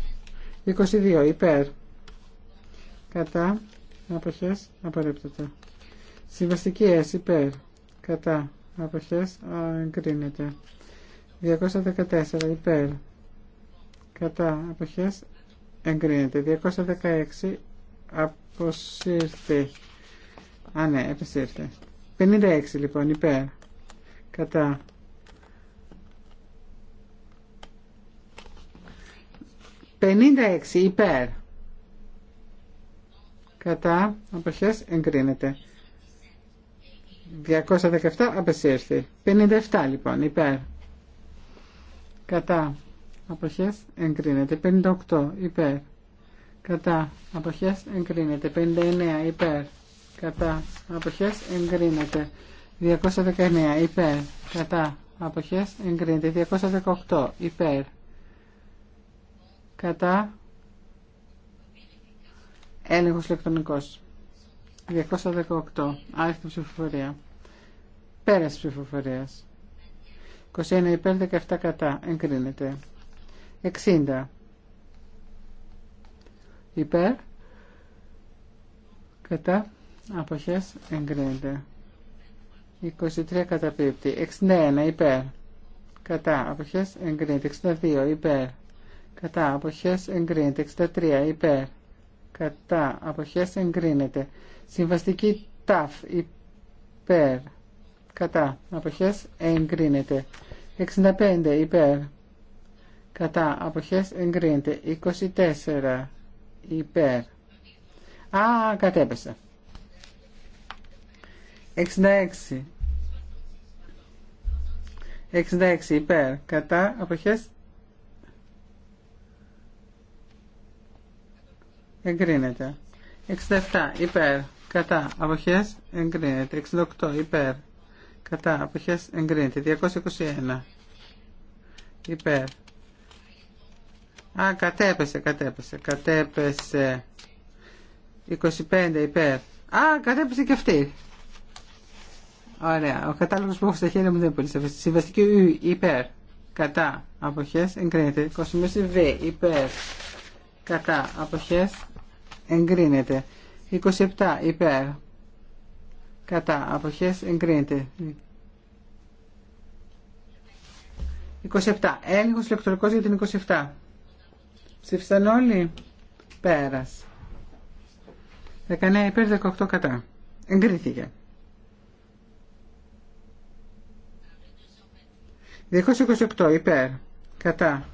[SPEAKER 4] 22 υπέρ κατά αποχές απορρίπτεται Συμβαστικές υπέρ κατά αποχές εγκρίνεται 214 υπέρ κατά αποχές εγκρίνεται 216 αποσύρθη Α, ναι, επεσύρθη. 56 λοιπόν, υπέρ. Κατά. 56, έξι, υπέρ. Κατά, αποχές, εγκρίνεται. 217, απεσύρθη. 57 λοιπόν, υπέρ. Κατά, αποχές, εγκρίνεται. 58, υπέρ. Κατά, αποχές, εγκρίνεται. 59, υπέρ κατά αποχές εγκρίνεται 219 υπέρ κατά αποχές εγκρίνεται 218 υπέρ κατά έλεγχος ηλεκτρονικός 218 άρχιτη ψηφοφορία πέρας ψηφοφορίας 21 υπέρ 17 κατά εγκρίνεται 60 υπέρ κατά αποχές εγκρίνεται 23 καταπίπτει 61 υπέρ κατά αποχές εγκρίνεται 62 υπέρ κατά αποχές εγκρίνεται 63 υπέρ κατά αποχές εγκρίνεται συμβαστική ταφ υπέρ κατά αποχές εγκρίνεται 65 υπέρ κατά αποχές εγκρίνεται 24 υπέρ α κατέπεσε 66. 66 υπέρ. Κατά αποχές εγκρίνεται. 67 υπέρ. Κατά αποχές εγκρίνεται. 68 υπέρ. Κατά αποχές εγκρίνεται. 221 υπέρ. Α, κατέπεσε, κατέπεσε, κατέπεσε. 25 υπέρ. Α, κατέπεσε και αυτή. Ωραία. Ο κατάλογο που έχω στα χέρια μου δεν είναι πολύ σαφή. Συμβαστική U, υπέρ. Κατά. απόχέ Εγκρίνεται. Κοσμίωση V, υπέρ. Κατά. απόχέ Εγκρίνεται. 27, υπέρ. Κατά. Αποχέ. Εγκρίνεται. 27. Έλεγχο ηλεκτρονικό για την 27. Ψήφισαν όλοι. πέρα. 19 υπέρ 18 κατά. Εγκρίθηκε. 228 υπέρ. Κατά.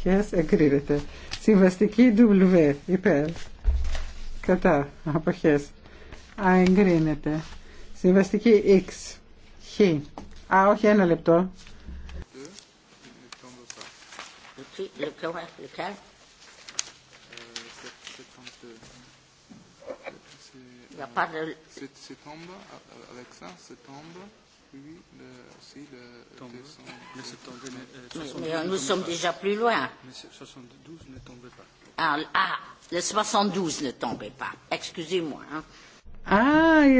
[SPEAKER 4] χες εγκρίνεται. Συμβαστική W υπέρ. Κατά. Αποχέ. Α, εγκρίνεται. Συμβαστική X. Χ. Α, όχι ένα λεπτό. Il n'y a pas
[SPEAKER 3] de... C'est tombe, Alexa,
[SPEAKER 4] le, mais euh, nous sommes déjà plus loin.
[SPEAKER 3] Ah, ah, ah η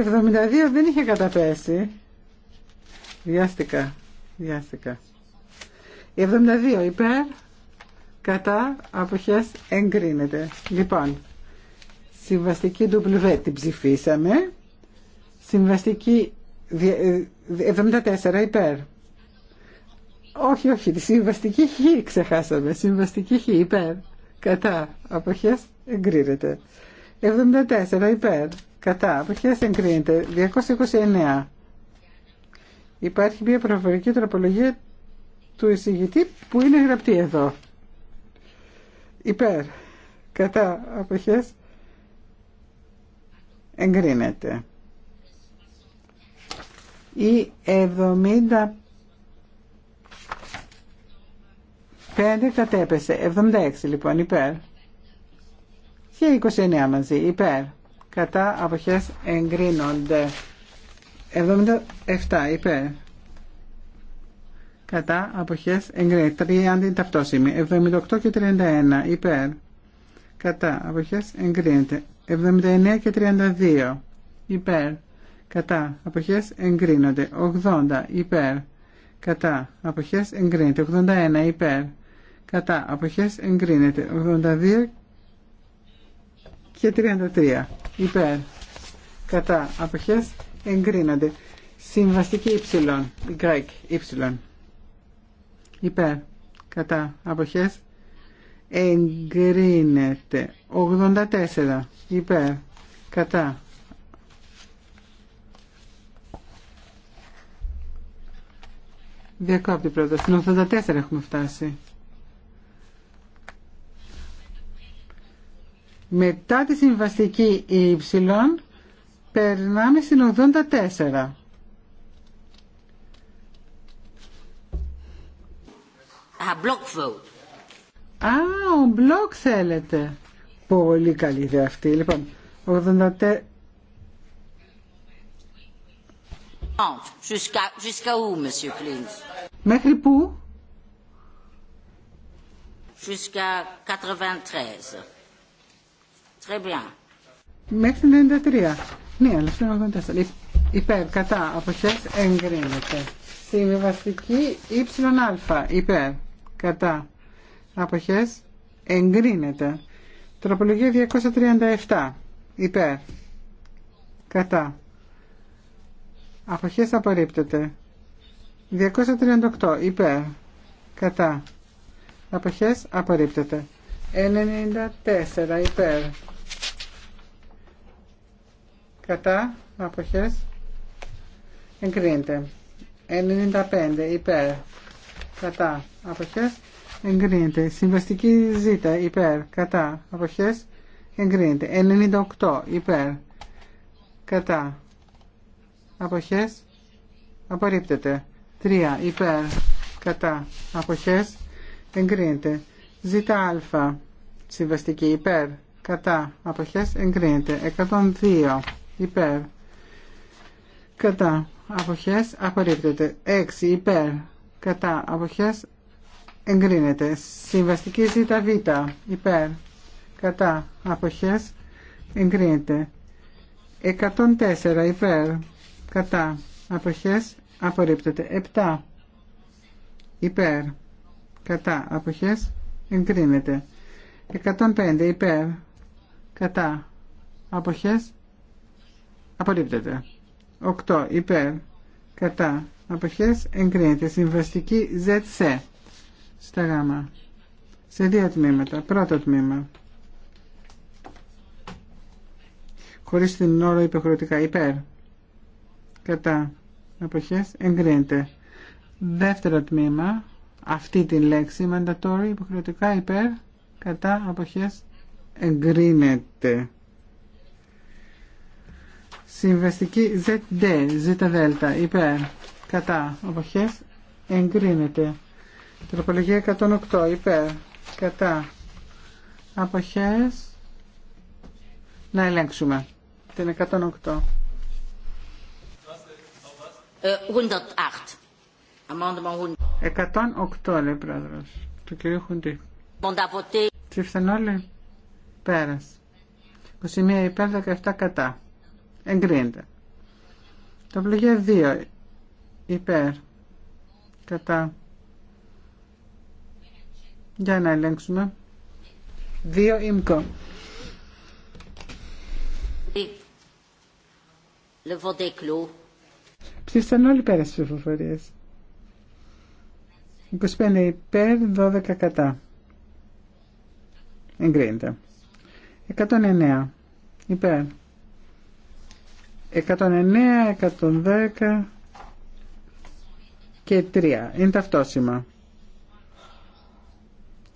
[SPEAKER 4] 72 δεν είχε καταπέσει. 72 υπέρ, κατά, αποχές, εγκρίνεται. Λοιπόν, συμβαστική W την ψηφίσαμε. Συμβαστική ε, 74 υπέρ. Όχι, όχι, τη συμβαστική χ ξεχάσαμε. Συμβαστική χ υπέρ. Κατά. Αποχές εγκρίνεται. 74 υπέρ. Κατά. Αποχές εγκρίνεται. 229. Υπάρχει μια προφορική τροπολογία του εισηγητή που είναι γραπτή εδώ. Υπέρ. Κατά. Αποχές εγκρίνεται ή 75 κατέπεσε, 76 λοιπόν υπέρ και 29 μαζί υπέρ κατά αποχές εγκρίνονται 77 υπέρ κατά αποχές εγκρίνεται 30 ταυτόσημοι 78 και 31 υπέρ κατά αποχές εγκρίνεται 79 και 32 υπέρ κατά αποχές εγκρίνονται 80 υπέρ κατά αποχές εγκρίνεται 81 υπέρ κατά αποχές εγκρίνεται 82 και 33 υπέρ κατά αποχές εγκρίνονται συμβαστική υψηλών γκρέκ υψηλών υπέρ κατά αποχές εγκρίνεται 84 υπέρ κατά Διακόπτη πρώτα. Στην 84 έχουμε φτάσει. Μετά τη συμβαστική Y ε, περνάμε στην 84. Α, ο μπλοκ θέλετε. Πολύ καλή ιδέα αυτή. Λοιπόν, 84 Μέχρι πού? Μέχρι 93. Ναι, αλλά στο 94. Υπέρ, κατά, αποχές, εγκρίνεται. Συμβιβαστική Α. υπέρ, κατά, αποχές, εγκρίνεται. Τροπολογία 237, υπέρ, κατά, Αποχές απορρίπτεται. 238 υπέρ. Κατά. Αποχές απορρίπτεται. 94 υπέρ. Κατά. Αποχές εγκρίνεται. 95 υπέρ. Κατά. Αποχές εγκρίνεται. Συμβαστική ζήτα υπέρ. Κατά. Αποχές εγκρίνεται. 98 υπέρ. Κατά αποχές απορρίπτεται 3 υπέρ κατά αποχές εγκρίνεται ζήτα α συμβαστική υπέρ κατά αποχές εγκρίνεται 102 υπέρ κατά αποχές απορρίπτεται 6 υπέρ κατά αποχές εγκρίνεται συμβαστική β υπέρ κατά αποχές εγκρίνεται 104 υπέρ κατά αποχές απορρίπτεται 7 υπέρ κατά αποχές εγκρίνεται 105 υπέρ κατά αποχές απορρίπτεται 8 υπέρ κατά αποχές εγκρίνεται συμβαστική ZC στα γάμα σε δύο τμήματα πρώτο τμήμα χωρίς την όρο υποχρεωτικά υπέρ κατά αποχές εγκρίνεται. Δεύτερο τμήμα, αυτή τη λέξη mandatory υποχρεωτικά υπέρ κατά αποχές εγκρίνεται. Συμβαστική ZD, ZD, υπέρ, κατά, αποχές, εγκρίνεται. Τροπολογία 108, υπέρ, κατά, αποχές, να ελέγξουμε την 108. 108 ε, λέει πρόεδρο του κυρίου Χουντή. Ψήφισαν όλοι. Πέρασε. 21 υπέρ 17 κατά. Εγκρίνεται. Το 2 υπέρ κατά. Για να ελέγξουμε. 2 ημκο.
[SPEAKER 3] Le vote est clos.
[SPEAKER 4] Ψήφισαν όλοι πέρα στις ψηφοφορίες. 25 υπέρ, 12 κατά. Εγκρίνεται. 109 υπέρ. 109, 110 και 3. Είναι ταυτόσημα.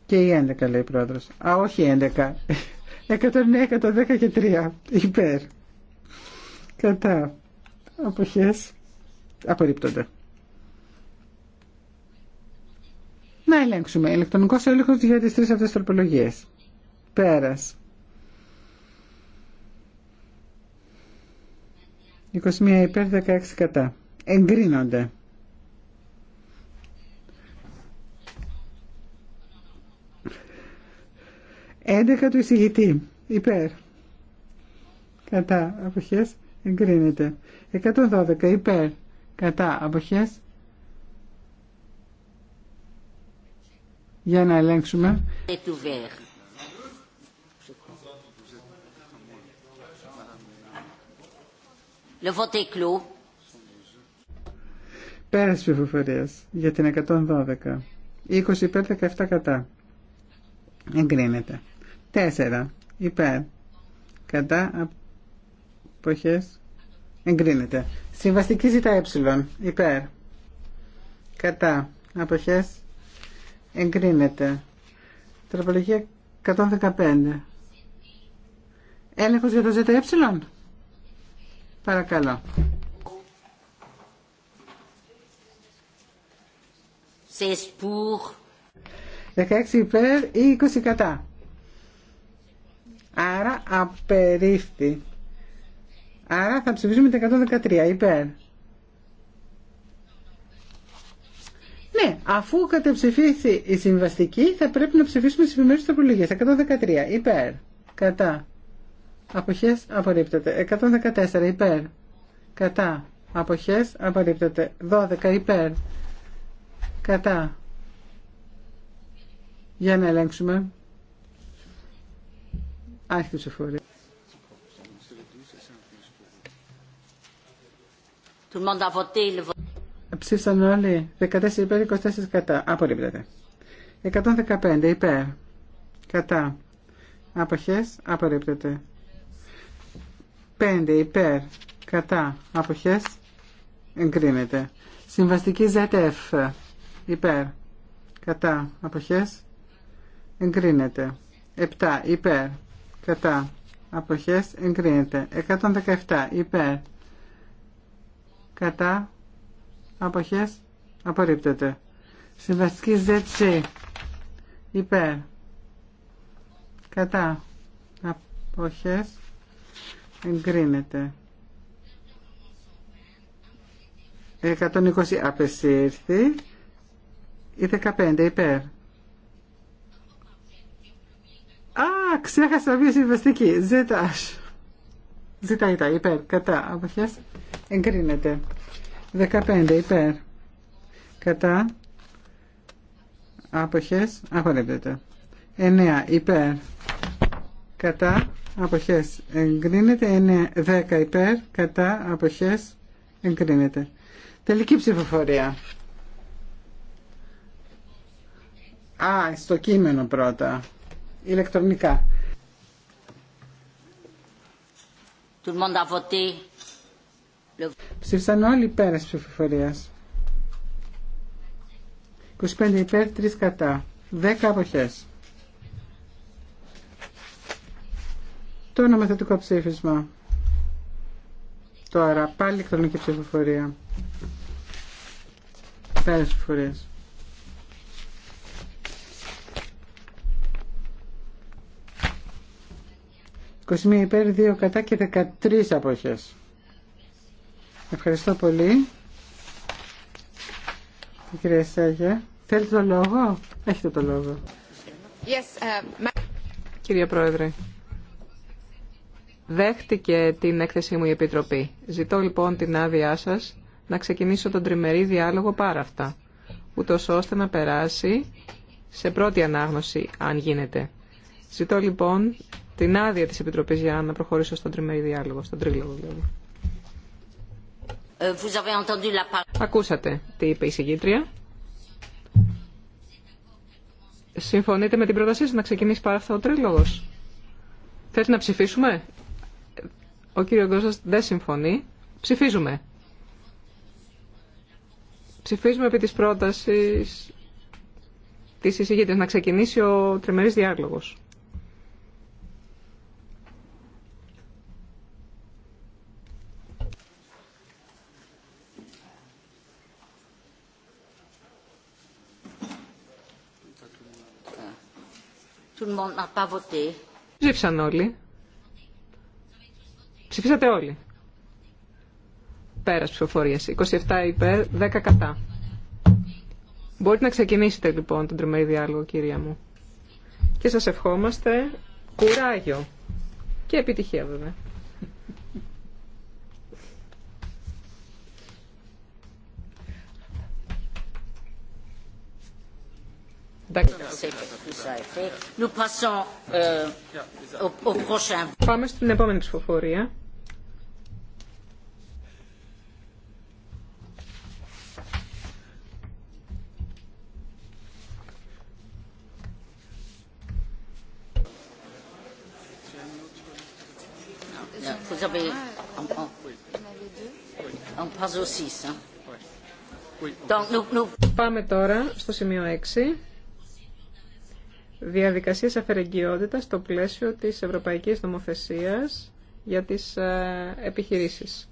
[SPEAKER 4] Και η 11 λέει η πρόεδρος. Α, όχι 11. 109, 110 και 3. Υπέρ. Κατά. Αποχές απορρίπτονται. Να ελέγξουμε. ηλεκτρονικό έλεγχο για τι τρει αυτέ τροπολογίε. Πέρα. 21 υπέρ 16 κατά. Εγκρίνονται. Έντεκα του εισηγητή. Υπέρ. Κατά. Αποχές. Εγκρίνεται. 112. Υπέρ κατά αποχές για να ελέγξουμε Le vote est για την 112. 20 υπέρ, 17 κατά. Εγκρίνεται. 4 υπέρ. Κατά αποχές Εγκρίνεται. Συμβαστική ζητά ε. Υπέρ. Κατά. Αποχές. Εγκρίνεται. Τροπολογία 115. Έλεγχος για το ΖΕ. Παρακαλώ. 16 υπέρ ή 20 κατά. Άρα απερίφθη. Άρα θα ψηφίσουμε τα 113 υπέρ. Ναι, αφού κατεψηφίσει η συμβαστική θα πρέπει να ψηφίσουμε τις επιμέρους τροπολογίες. 113 υπέρ. Κατά. Αποχές απορρίπτεται. 114 υπέρ. Κατά. Αποχές απορρίπτεται. 12 υπέρ. Κατά. Για να ελέγξουμε. Άρχισε φορέ. Tout Ψήφισαν όλοι. 14 υπέρ, 24 κατά. Απορρίπτεται. 115 υπέρ. Κατά. Αποχές. Απορρίπτεται. 5 υπέρ. Κατά. Αποχές. Εγκρίνεται. Συμβαστική ZF. Υπέρ. Κατά. Αποχές. Εγκρίνεται. 7 υπέρ. Κατά. Αποχές. Εγκρίνεται. 117 υπέρ κατά αποχές απορρίπτεται. Συμβαστική ζέτσι, υπέρ κατά αποχές εγκρίνεται. 120 απεσύρθη ή 15 υπέρ. Α, ξέχασα μία συμβαστική. Ζετάς. Ζητάει τα υπέρ, κατά, αποχές, εγκρίνεται. 15 υπέρ, κατά, αποχές, απορρίπτεται. 9 υπέρ, κατά, αποχές, εγκρίνεται. 10 υπέρ, κατά, αποχές, εγκρίνεται. Τελική ψηφοφορία. Α, στο κείμενο πρώτα. Ηλεκτρονικά. Ψήφισαν όλοι υπέρ της ψηφοφορίας. 25 υπέρ, 3 κατά. 10 αποχές. Το νομοθετικό ψήφισμα. Τώρα πάλι ηλεκτρονική ψηφοφορία. Πέρα ψηφοφορίας. 21 υπέρ, 2 κατά και 13 αποχές. Ευχαριστώ πολύ. Η κυρία Σάγια, θέλετε το λόγο? Έχετε το λόγο.
[SPEAKER 2] Yes, uh, my... Κυρία Πρόεδρε, δέχτηκε την έκθεσή μου η Επιτροπή. Ζητώ λοιπόν την άδειά σας να ξεκινήσω τον τριμερή διάλογο πάρα αυτά, ούτως ώστε να περάσει σε πρώτη ανάγνωση, αν γίνεται. Ζητώ λοιπόν την άδεια της Επιτροπής για να προχωρήσω στον τριμερή διάλογο, στον τρίλογο δηλαδή.
[SPEAKER 3] Ε,
[SPEAKER 2] Ακούσατε τι είπε η συγκήτρια. Συμφωνείτε με την πρότασή σας να ξεκινήσει πάρα αυτό ο τρίλογος. Θέλετε να ψηφίσουμε. Ο κύριο Γκώστας δεν συμφωνεί. Ψηφίζουμε. Ψηφίζουμε επί της πρότασης της εισηγήτρια να ξεκινήσει ο τριμερής διάλογος.
[SPEAKER 3] Tout
[SPEAKER 2] Ψήφισαν όλοι. Ψηφίσατε όλοι. Πέρας ψηφοφορίας. 27 υπέρ, 10 κατά. Μπορείτε να ξεκινήσετε λοιπόν τον τριμερή διάλογο, κυρία μου. Και σας ευχόμαστε κουράγιο και επιτυχία βέβαια. Euh, Πάμε στην επόμενη ψηφοφορία. Πάμε τώρα στο σημείο 6 διαδικασίες αφαιρεγγιότητας στο πλαίσιο της Ευρωπαϊκής Νομοθεσίας για τις ε, επιχειρήσεις.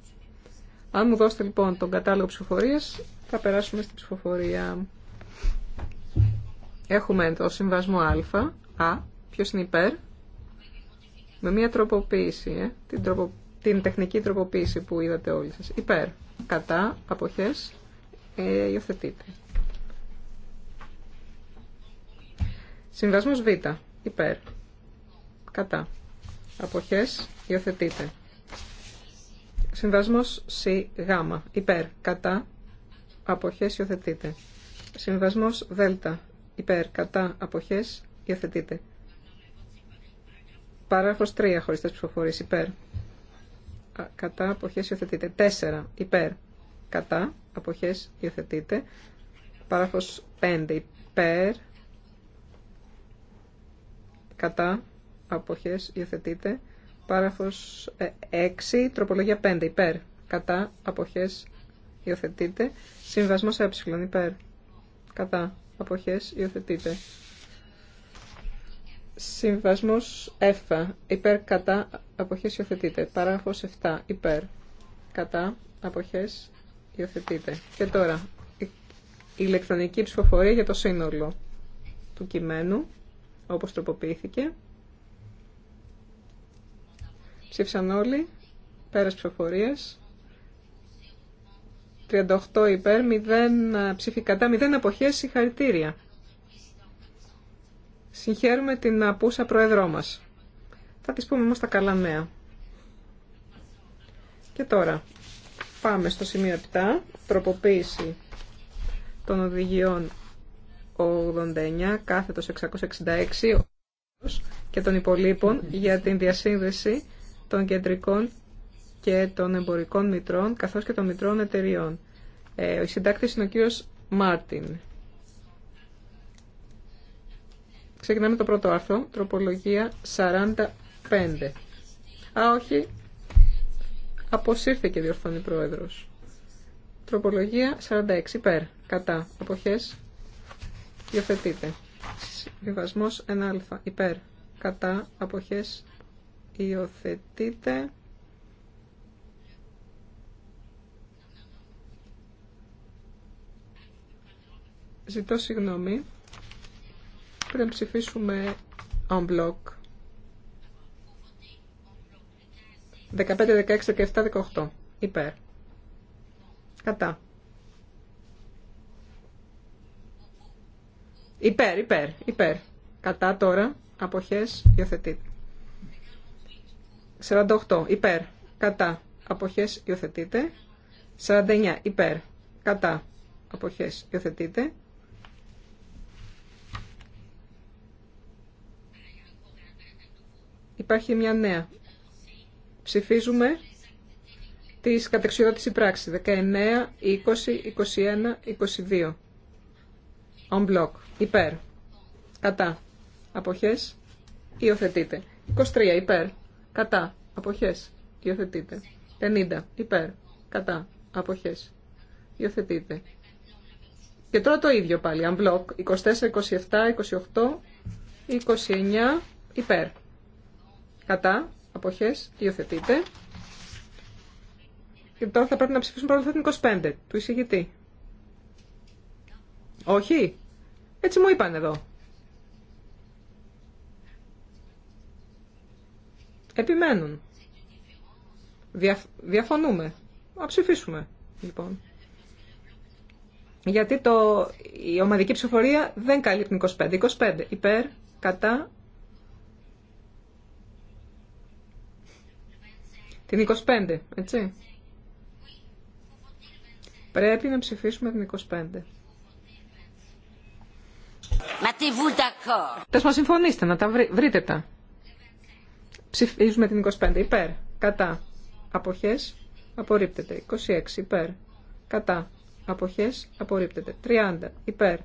[SPEAKER 2] Αν μου δώσετε λοιπόν τον κατάλογο ψηφοφορία, θα περάσουμε στην ψηφοφορία. Έχουμε το συμβασμό α, α ποιος είναι υπέρ, με μια τροποποίηση, ε, την, τεχνική τροποποίηση που είδατε όλοι σας. Υπέρ, κατά, αποχές, ε, υιοθετείτε. Συμβασμός Β. Υπέρ. Κατά. Αποχές. Υιοθετείτε. Συμβασμός Σ. Γ. Υπέρ. Κατά. Αποχές. Υιοθετείτε. Συμβασμός Δ. Υπέρ. Κατά. Αποχές. υιοθετείτε. Πάραχο 3. Χωριστές ψηφοφορίε. Υπέρ. Κατά. Αποχές. Υιοθετείτε. 4. Υπέρ. Κατά. Αποχές. υιοθετείτε. παράχως 5. Υπέρ κατά, αποχές, υιοθετείτε. Πάραφος 6, ε, τροπολογία 5, υπέρ, κατά, αποχές, υιοθετείτε. Συμβασμός ε, υπέρ, κατά, αποχές, υιοθετείτε. Συμβασμός ε, υπέρ, κατά, αποχές, υιοθετείτε. Παράγραφος 7, υπέρ, κατά, αποχές, υιοθετείτε. Και τώρα, η ηλεκτρονική ψηφοφορία για το σύνολο του κειμένου όπως τροποποιήθηκε. Ψήφισαν όλοι, πέρας ψηφοφορίας. 38 υπέρ, 0 ε, ψήφι κατά, 0 αποχές, συγχαρητήρια. Συγχαίρουμε την απούσα πρόεδρό μας. Θα της πούμε όμως τα καλά νέα. Και τώρα πάμε στο σημείο 7, τροποποίηση των οδηγιών 89 κάθετος 666 και των υπολείπων για την διασύνδεση των κεντρικών και των εμπορικών μητρών καθώς και των μητρών εταιριών. Ε, ο συντάκτης είναι ο κύριος Μάρτιν. Ξεκινάμε το πρώτο άρθρο, τροπολογία 45. Α, όχι, αποσύρθηκε διορθώνει πρόεδρος. Τροπολογία 46, υπέρ, κατά, αποχές, υιοθετειτε συμβιβασμο Συμβιβασμός 1α. Υπέρ. Κατά. απόχέ. Υιοθετείτε. Ζητώ συγγνώμη. Πρέπει να ψηφίσουμε on block. 15, 16, 17, 18. Υπέρ. Κατά. Υπέρ, υπέρ, υπέρ. Κατά τώρα, αποχές, υιοθετείτε. 48, υπέρ, κατά, αποχές, υιοθετείτε. 49, υπέρ, κατά, αποχές, υιοθετείται. Υπάρχει μια νέα. Ψηφίζουμε τις κατεξιότητες πράξη 19, 20, 21, 22. On block. Υπέρ. Κατά. Αποχές. Υιοθετείτε. 23. Υπέρ. Κατά. Αποχές. Υιοθετείτε. 50. Υπέρ. Κατά. Αποχές. Υιοθετείτε. Και τώρα το ίδιο πάλι. On block, 24, 27, 28, 29. Υπέρ. Κατά. Αποχές. Υιοθετείτε. Και τώρα θα πρέπει να ψηφίσουμε πρώτα την 25 του εισηγητή. Όχι. Έτσι μου είπαν εδώ. Επιμένουν. Διαφωνούμε. Να ψηφίσουμε, λοιπόν. Γιατί το... η ομαδική ψηφορία δεν καλύπτει 25. 25 υπέρ, κατά... Την 25, έτσι. Πρέπει να ψηφίσουμε την 25. Θα μας συμφωνήστε να τα βρει, βρείτε τα. Ψηφίζουμε την 25 υπέρ, κατά, αποχές, απορρίπτεται. 26 υπέρ, κατά, αποχές, απορρίπτεται. 30 υπέρ,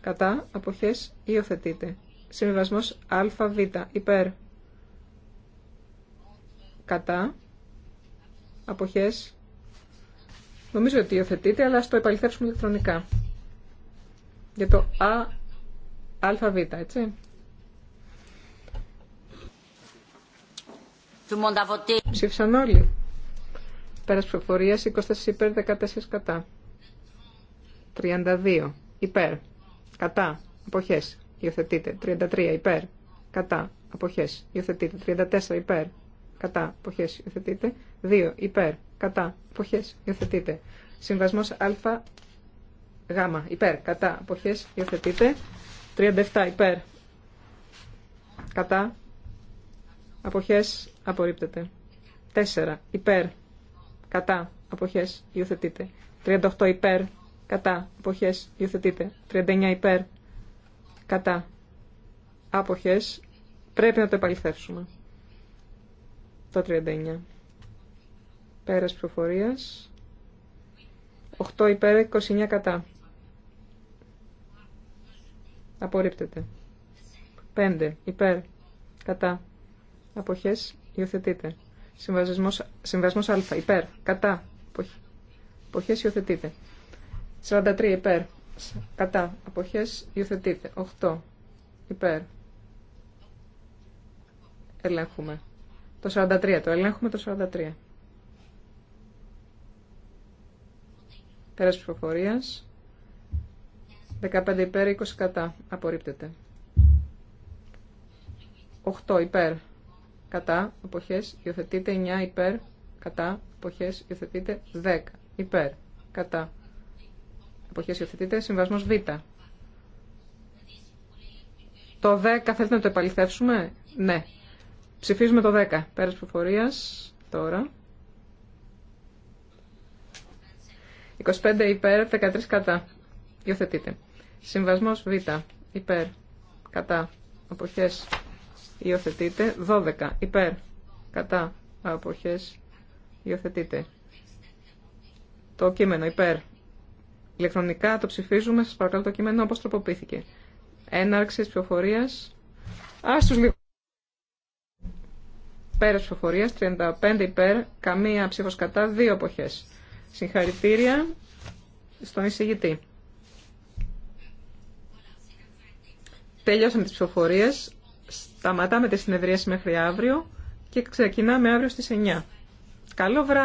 [SPEAKER 2] κατά, αποχές, υιοθετείται. Συμβιβασμός ΑΒ υπέρ, κατά, αποχές, Νομίζω ότι υιοθετείται, αλλά στο επαληθεύσουμε ηλεκτρονικά. Για το Α. ΑΒ, έτσι. Ψήφισαν όλοι. τη ψηφοφορία 24 υπέρ 14 κατά. 32 υπέρ. Κατά. Αποχές. Υιοθετείτε. 33 υπέρ. Κατά. απόχέ, Υιοθετείτε. 34 υπέρ. Κατά. Αποχές. Υιοθετείτε. 2 υπέρ. Κατά. Αποχές. Υιοθετείτε. Συμβασμό α. Γ. Υπέρ. Κατά. αποχέ, Υιοθετείτε. 37 υπέρ. Κατά. Αποχές απορρίπτεται. 4 υπέρ. Κατά. Αποχές υιοθετείται. 38 υπέρ. Κατά. Αποχές υιοθετείται. 39 υπέρ. Κατά. Αποχές. Πρέπει να το επαληθεύσουμε. Το 39. Πέρας προφορίας. 8 υπέρ, 29 κατά. Απορρίπτεται. 5. Υπέρ. Κατά. Αποχές. Υιοθετείτε. Συμβασμό α. Υπέρ. Κατά. Αποχέ, Υιοθετείτε. 43. Υπέρ. Κατά. Αποχές. Υιοθετείτε. 8. Υπέρ. Ελέγχουμε. Το 43. Το ελέγχουμε το 43. Πέρας 15 υπέρ, 20 κατά. Απορρίπτεται. 8 υπέρ, κατά, εποχές, υιοθετείτε. 9 υπέρ, κατά, εποχές, υιοθετείτε. 10 υπέρ, κατά, εποχές, υιοθετείται. Συμβασμός Β. Το 10 θέλετε να το επαληθεύσουμε. Ναι. Ψηφίζουμε το 10. Πέρας προφορίας. Τώρα. 25 υπέρ, 13 κατά. Υιοθετείτε. Συμβασμός Β. Υπέρ. Κατά. Αποχές. Υιοθετείτε. 12. Υπέρ. Κατά. Αποχές. Υιοθετείτε. Το κείμενο. Υπέρ. Ηλεκτρονικά το ψηφίζουμε. Σας παρακαλώ το κείμενο όπως τροποποιήθηκε. Έναρξη της ψηφοφορίας. Ας τους λίγο. 35 υπέρ. Καμία ψήφος κατά. Δύο αποχές. Συγχαρητήρια στον εισηγητή. Τελειώσαμε τις ψηφοφορίες, σταματάμε τις συνεδρίες μέχρι αύριο και ξεκινάμε αύριο στις 9. Καλό βράδυ.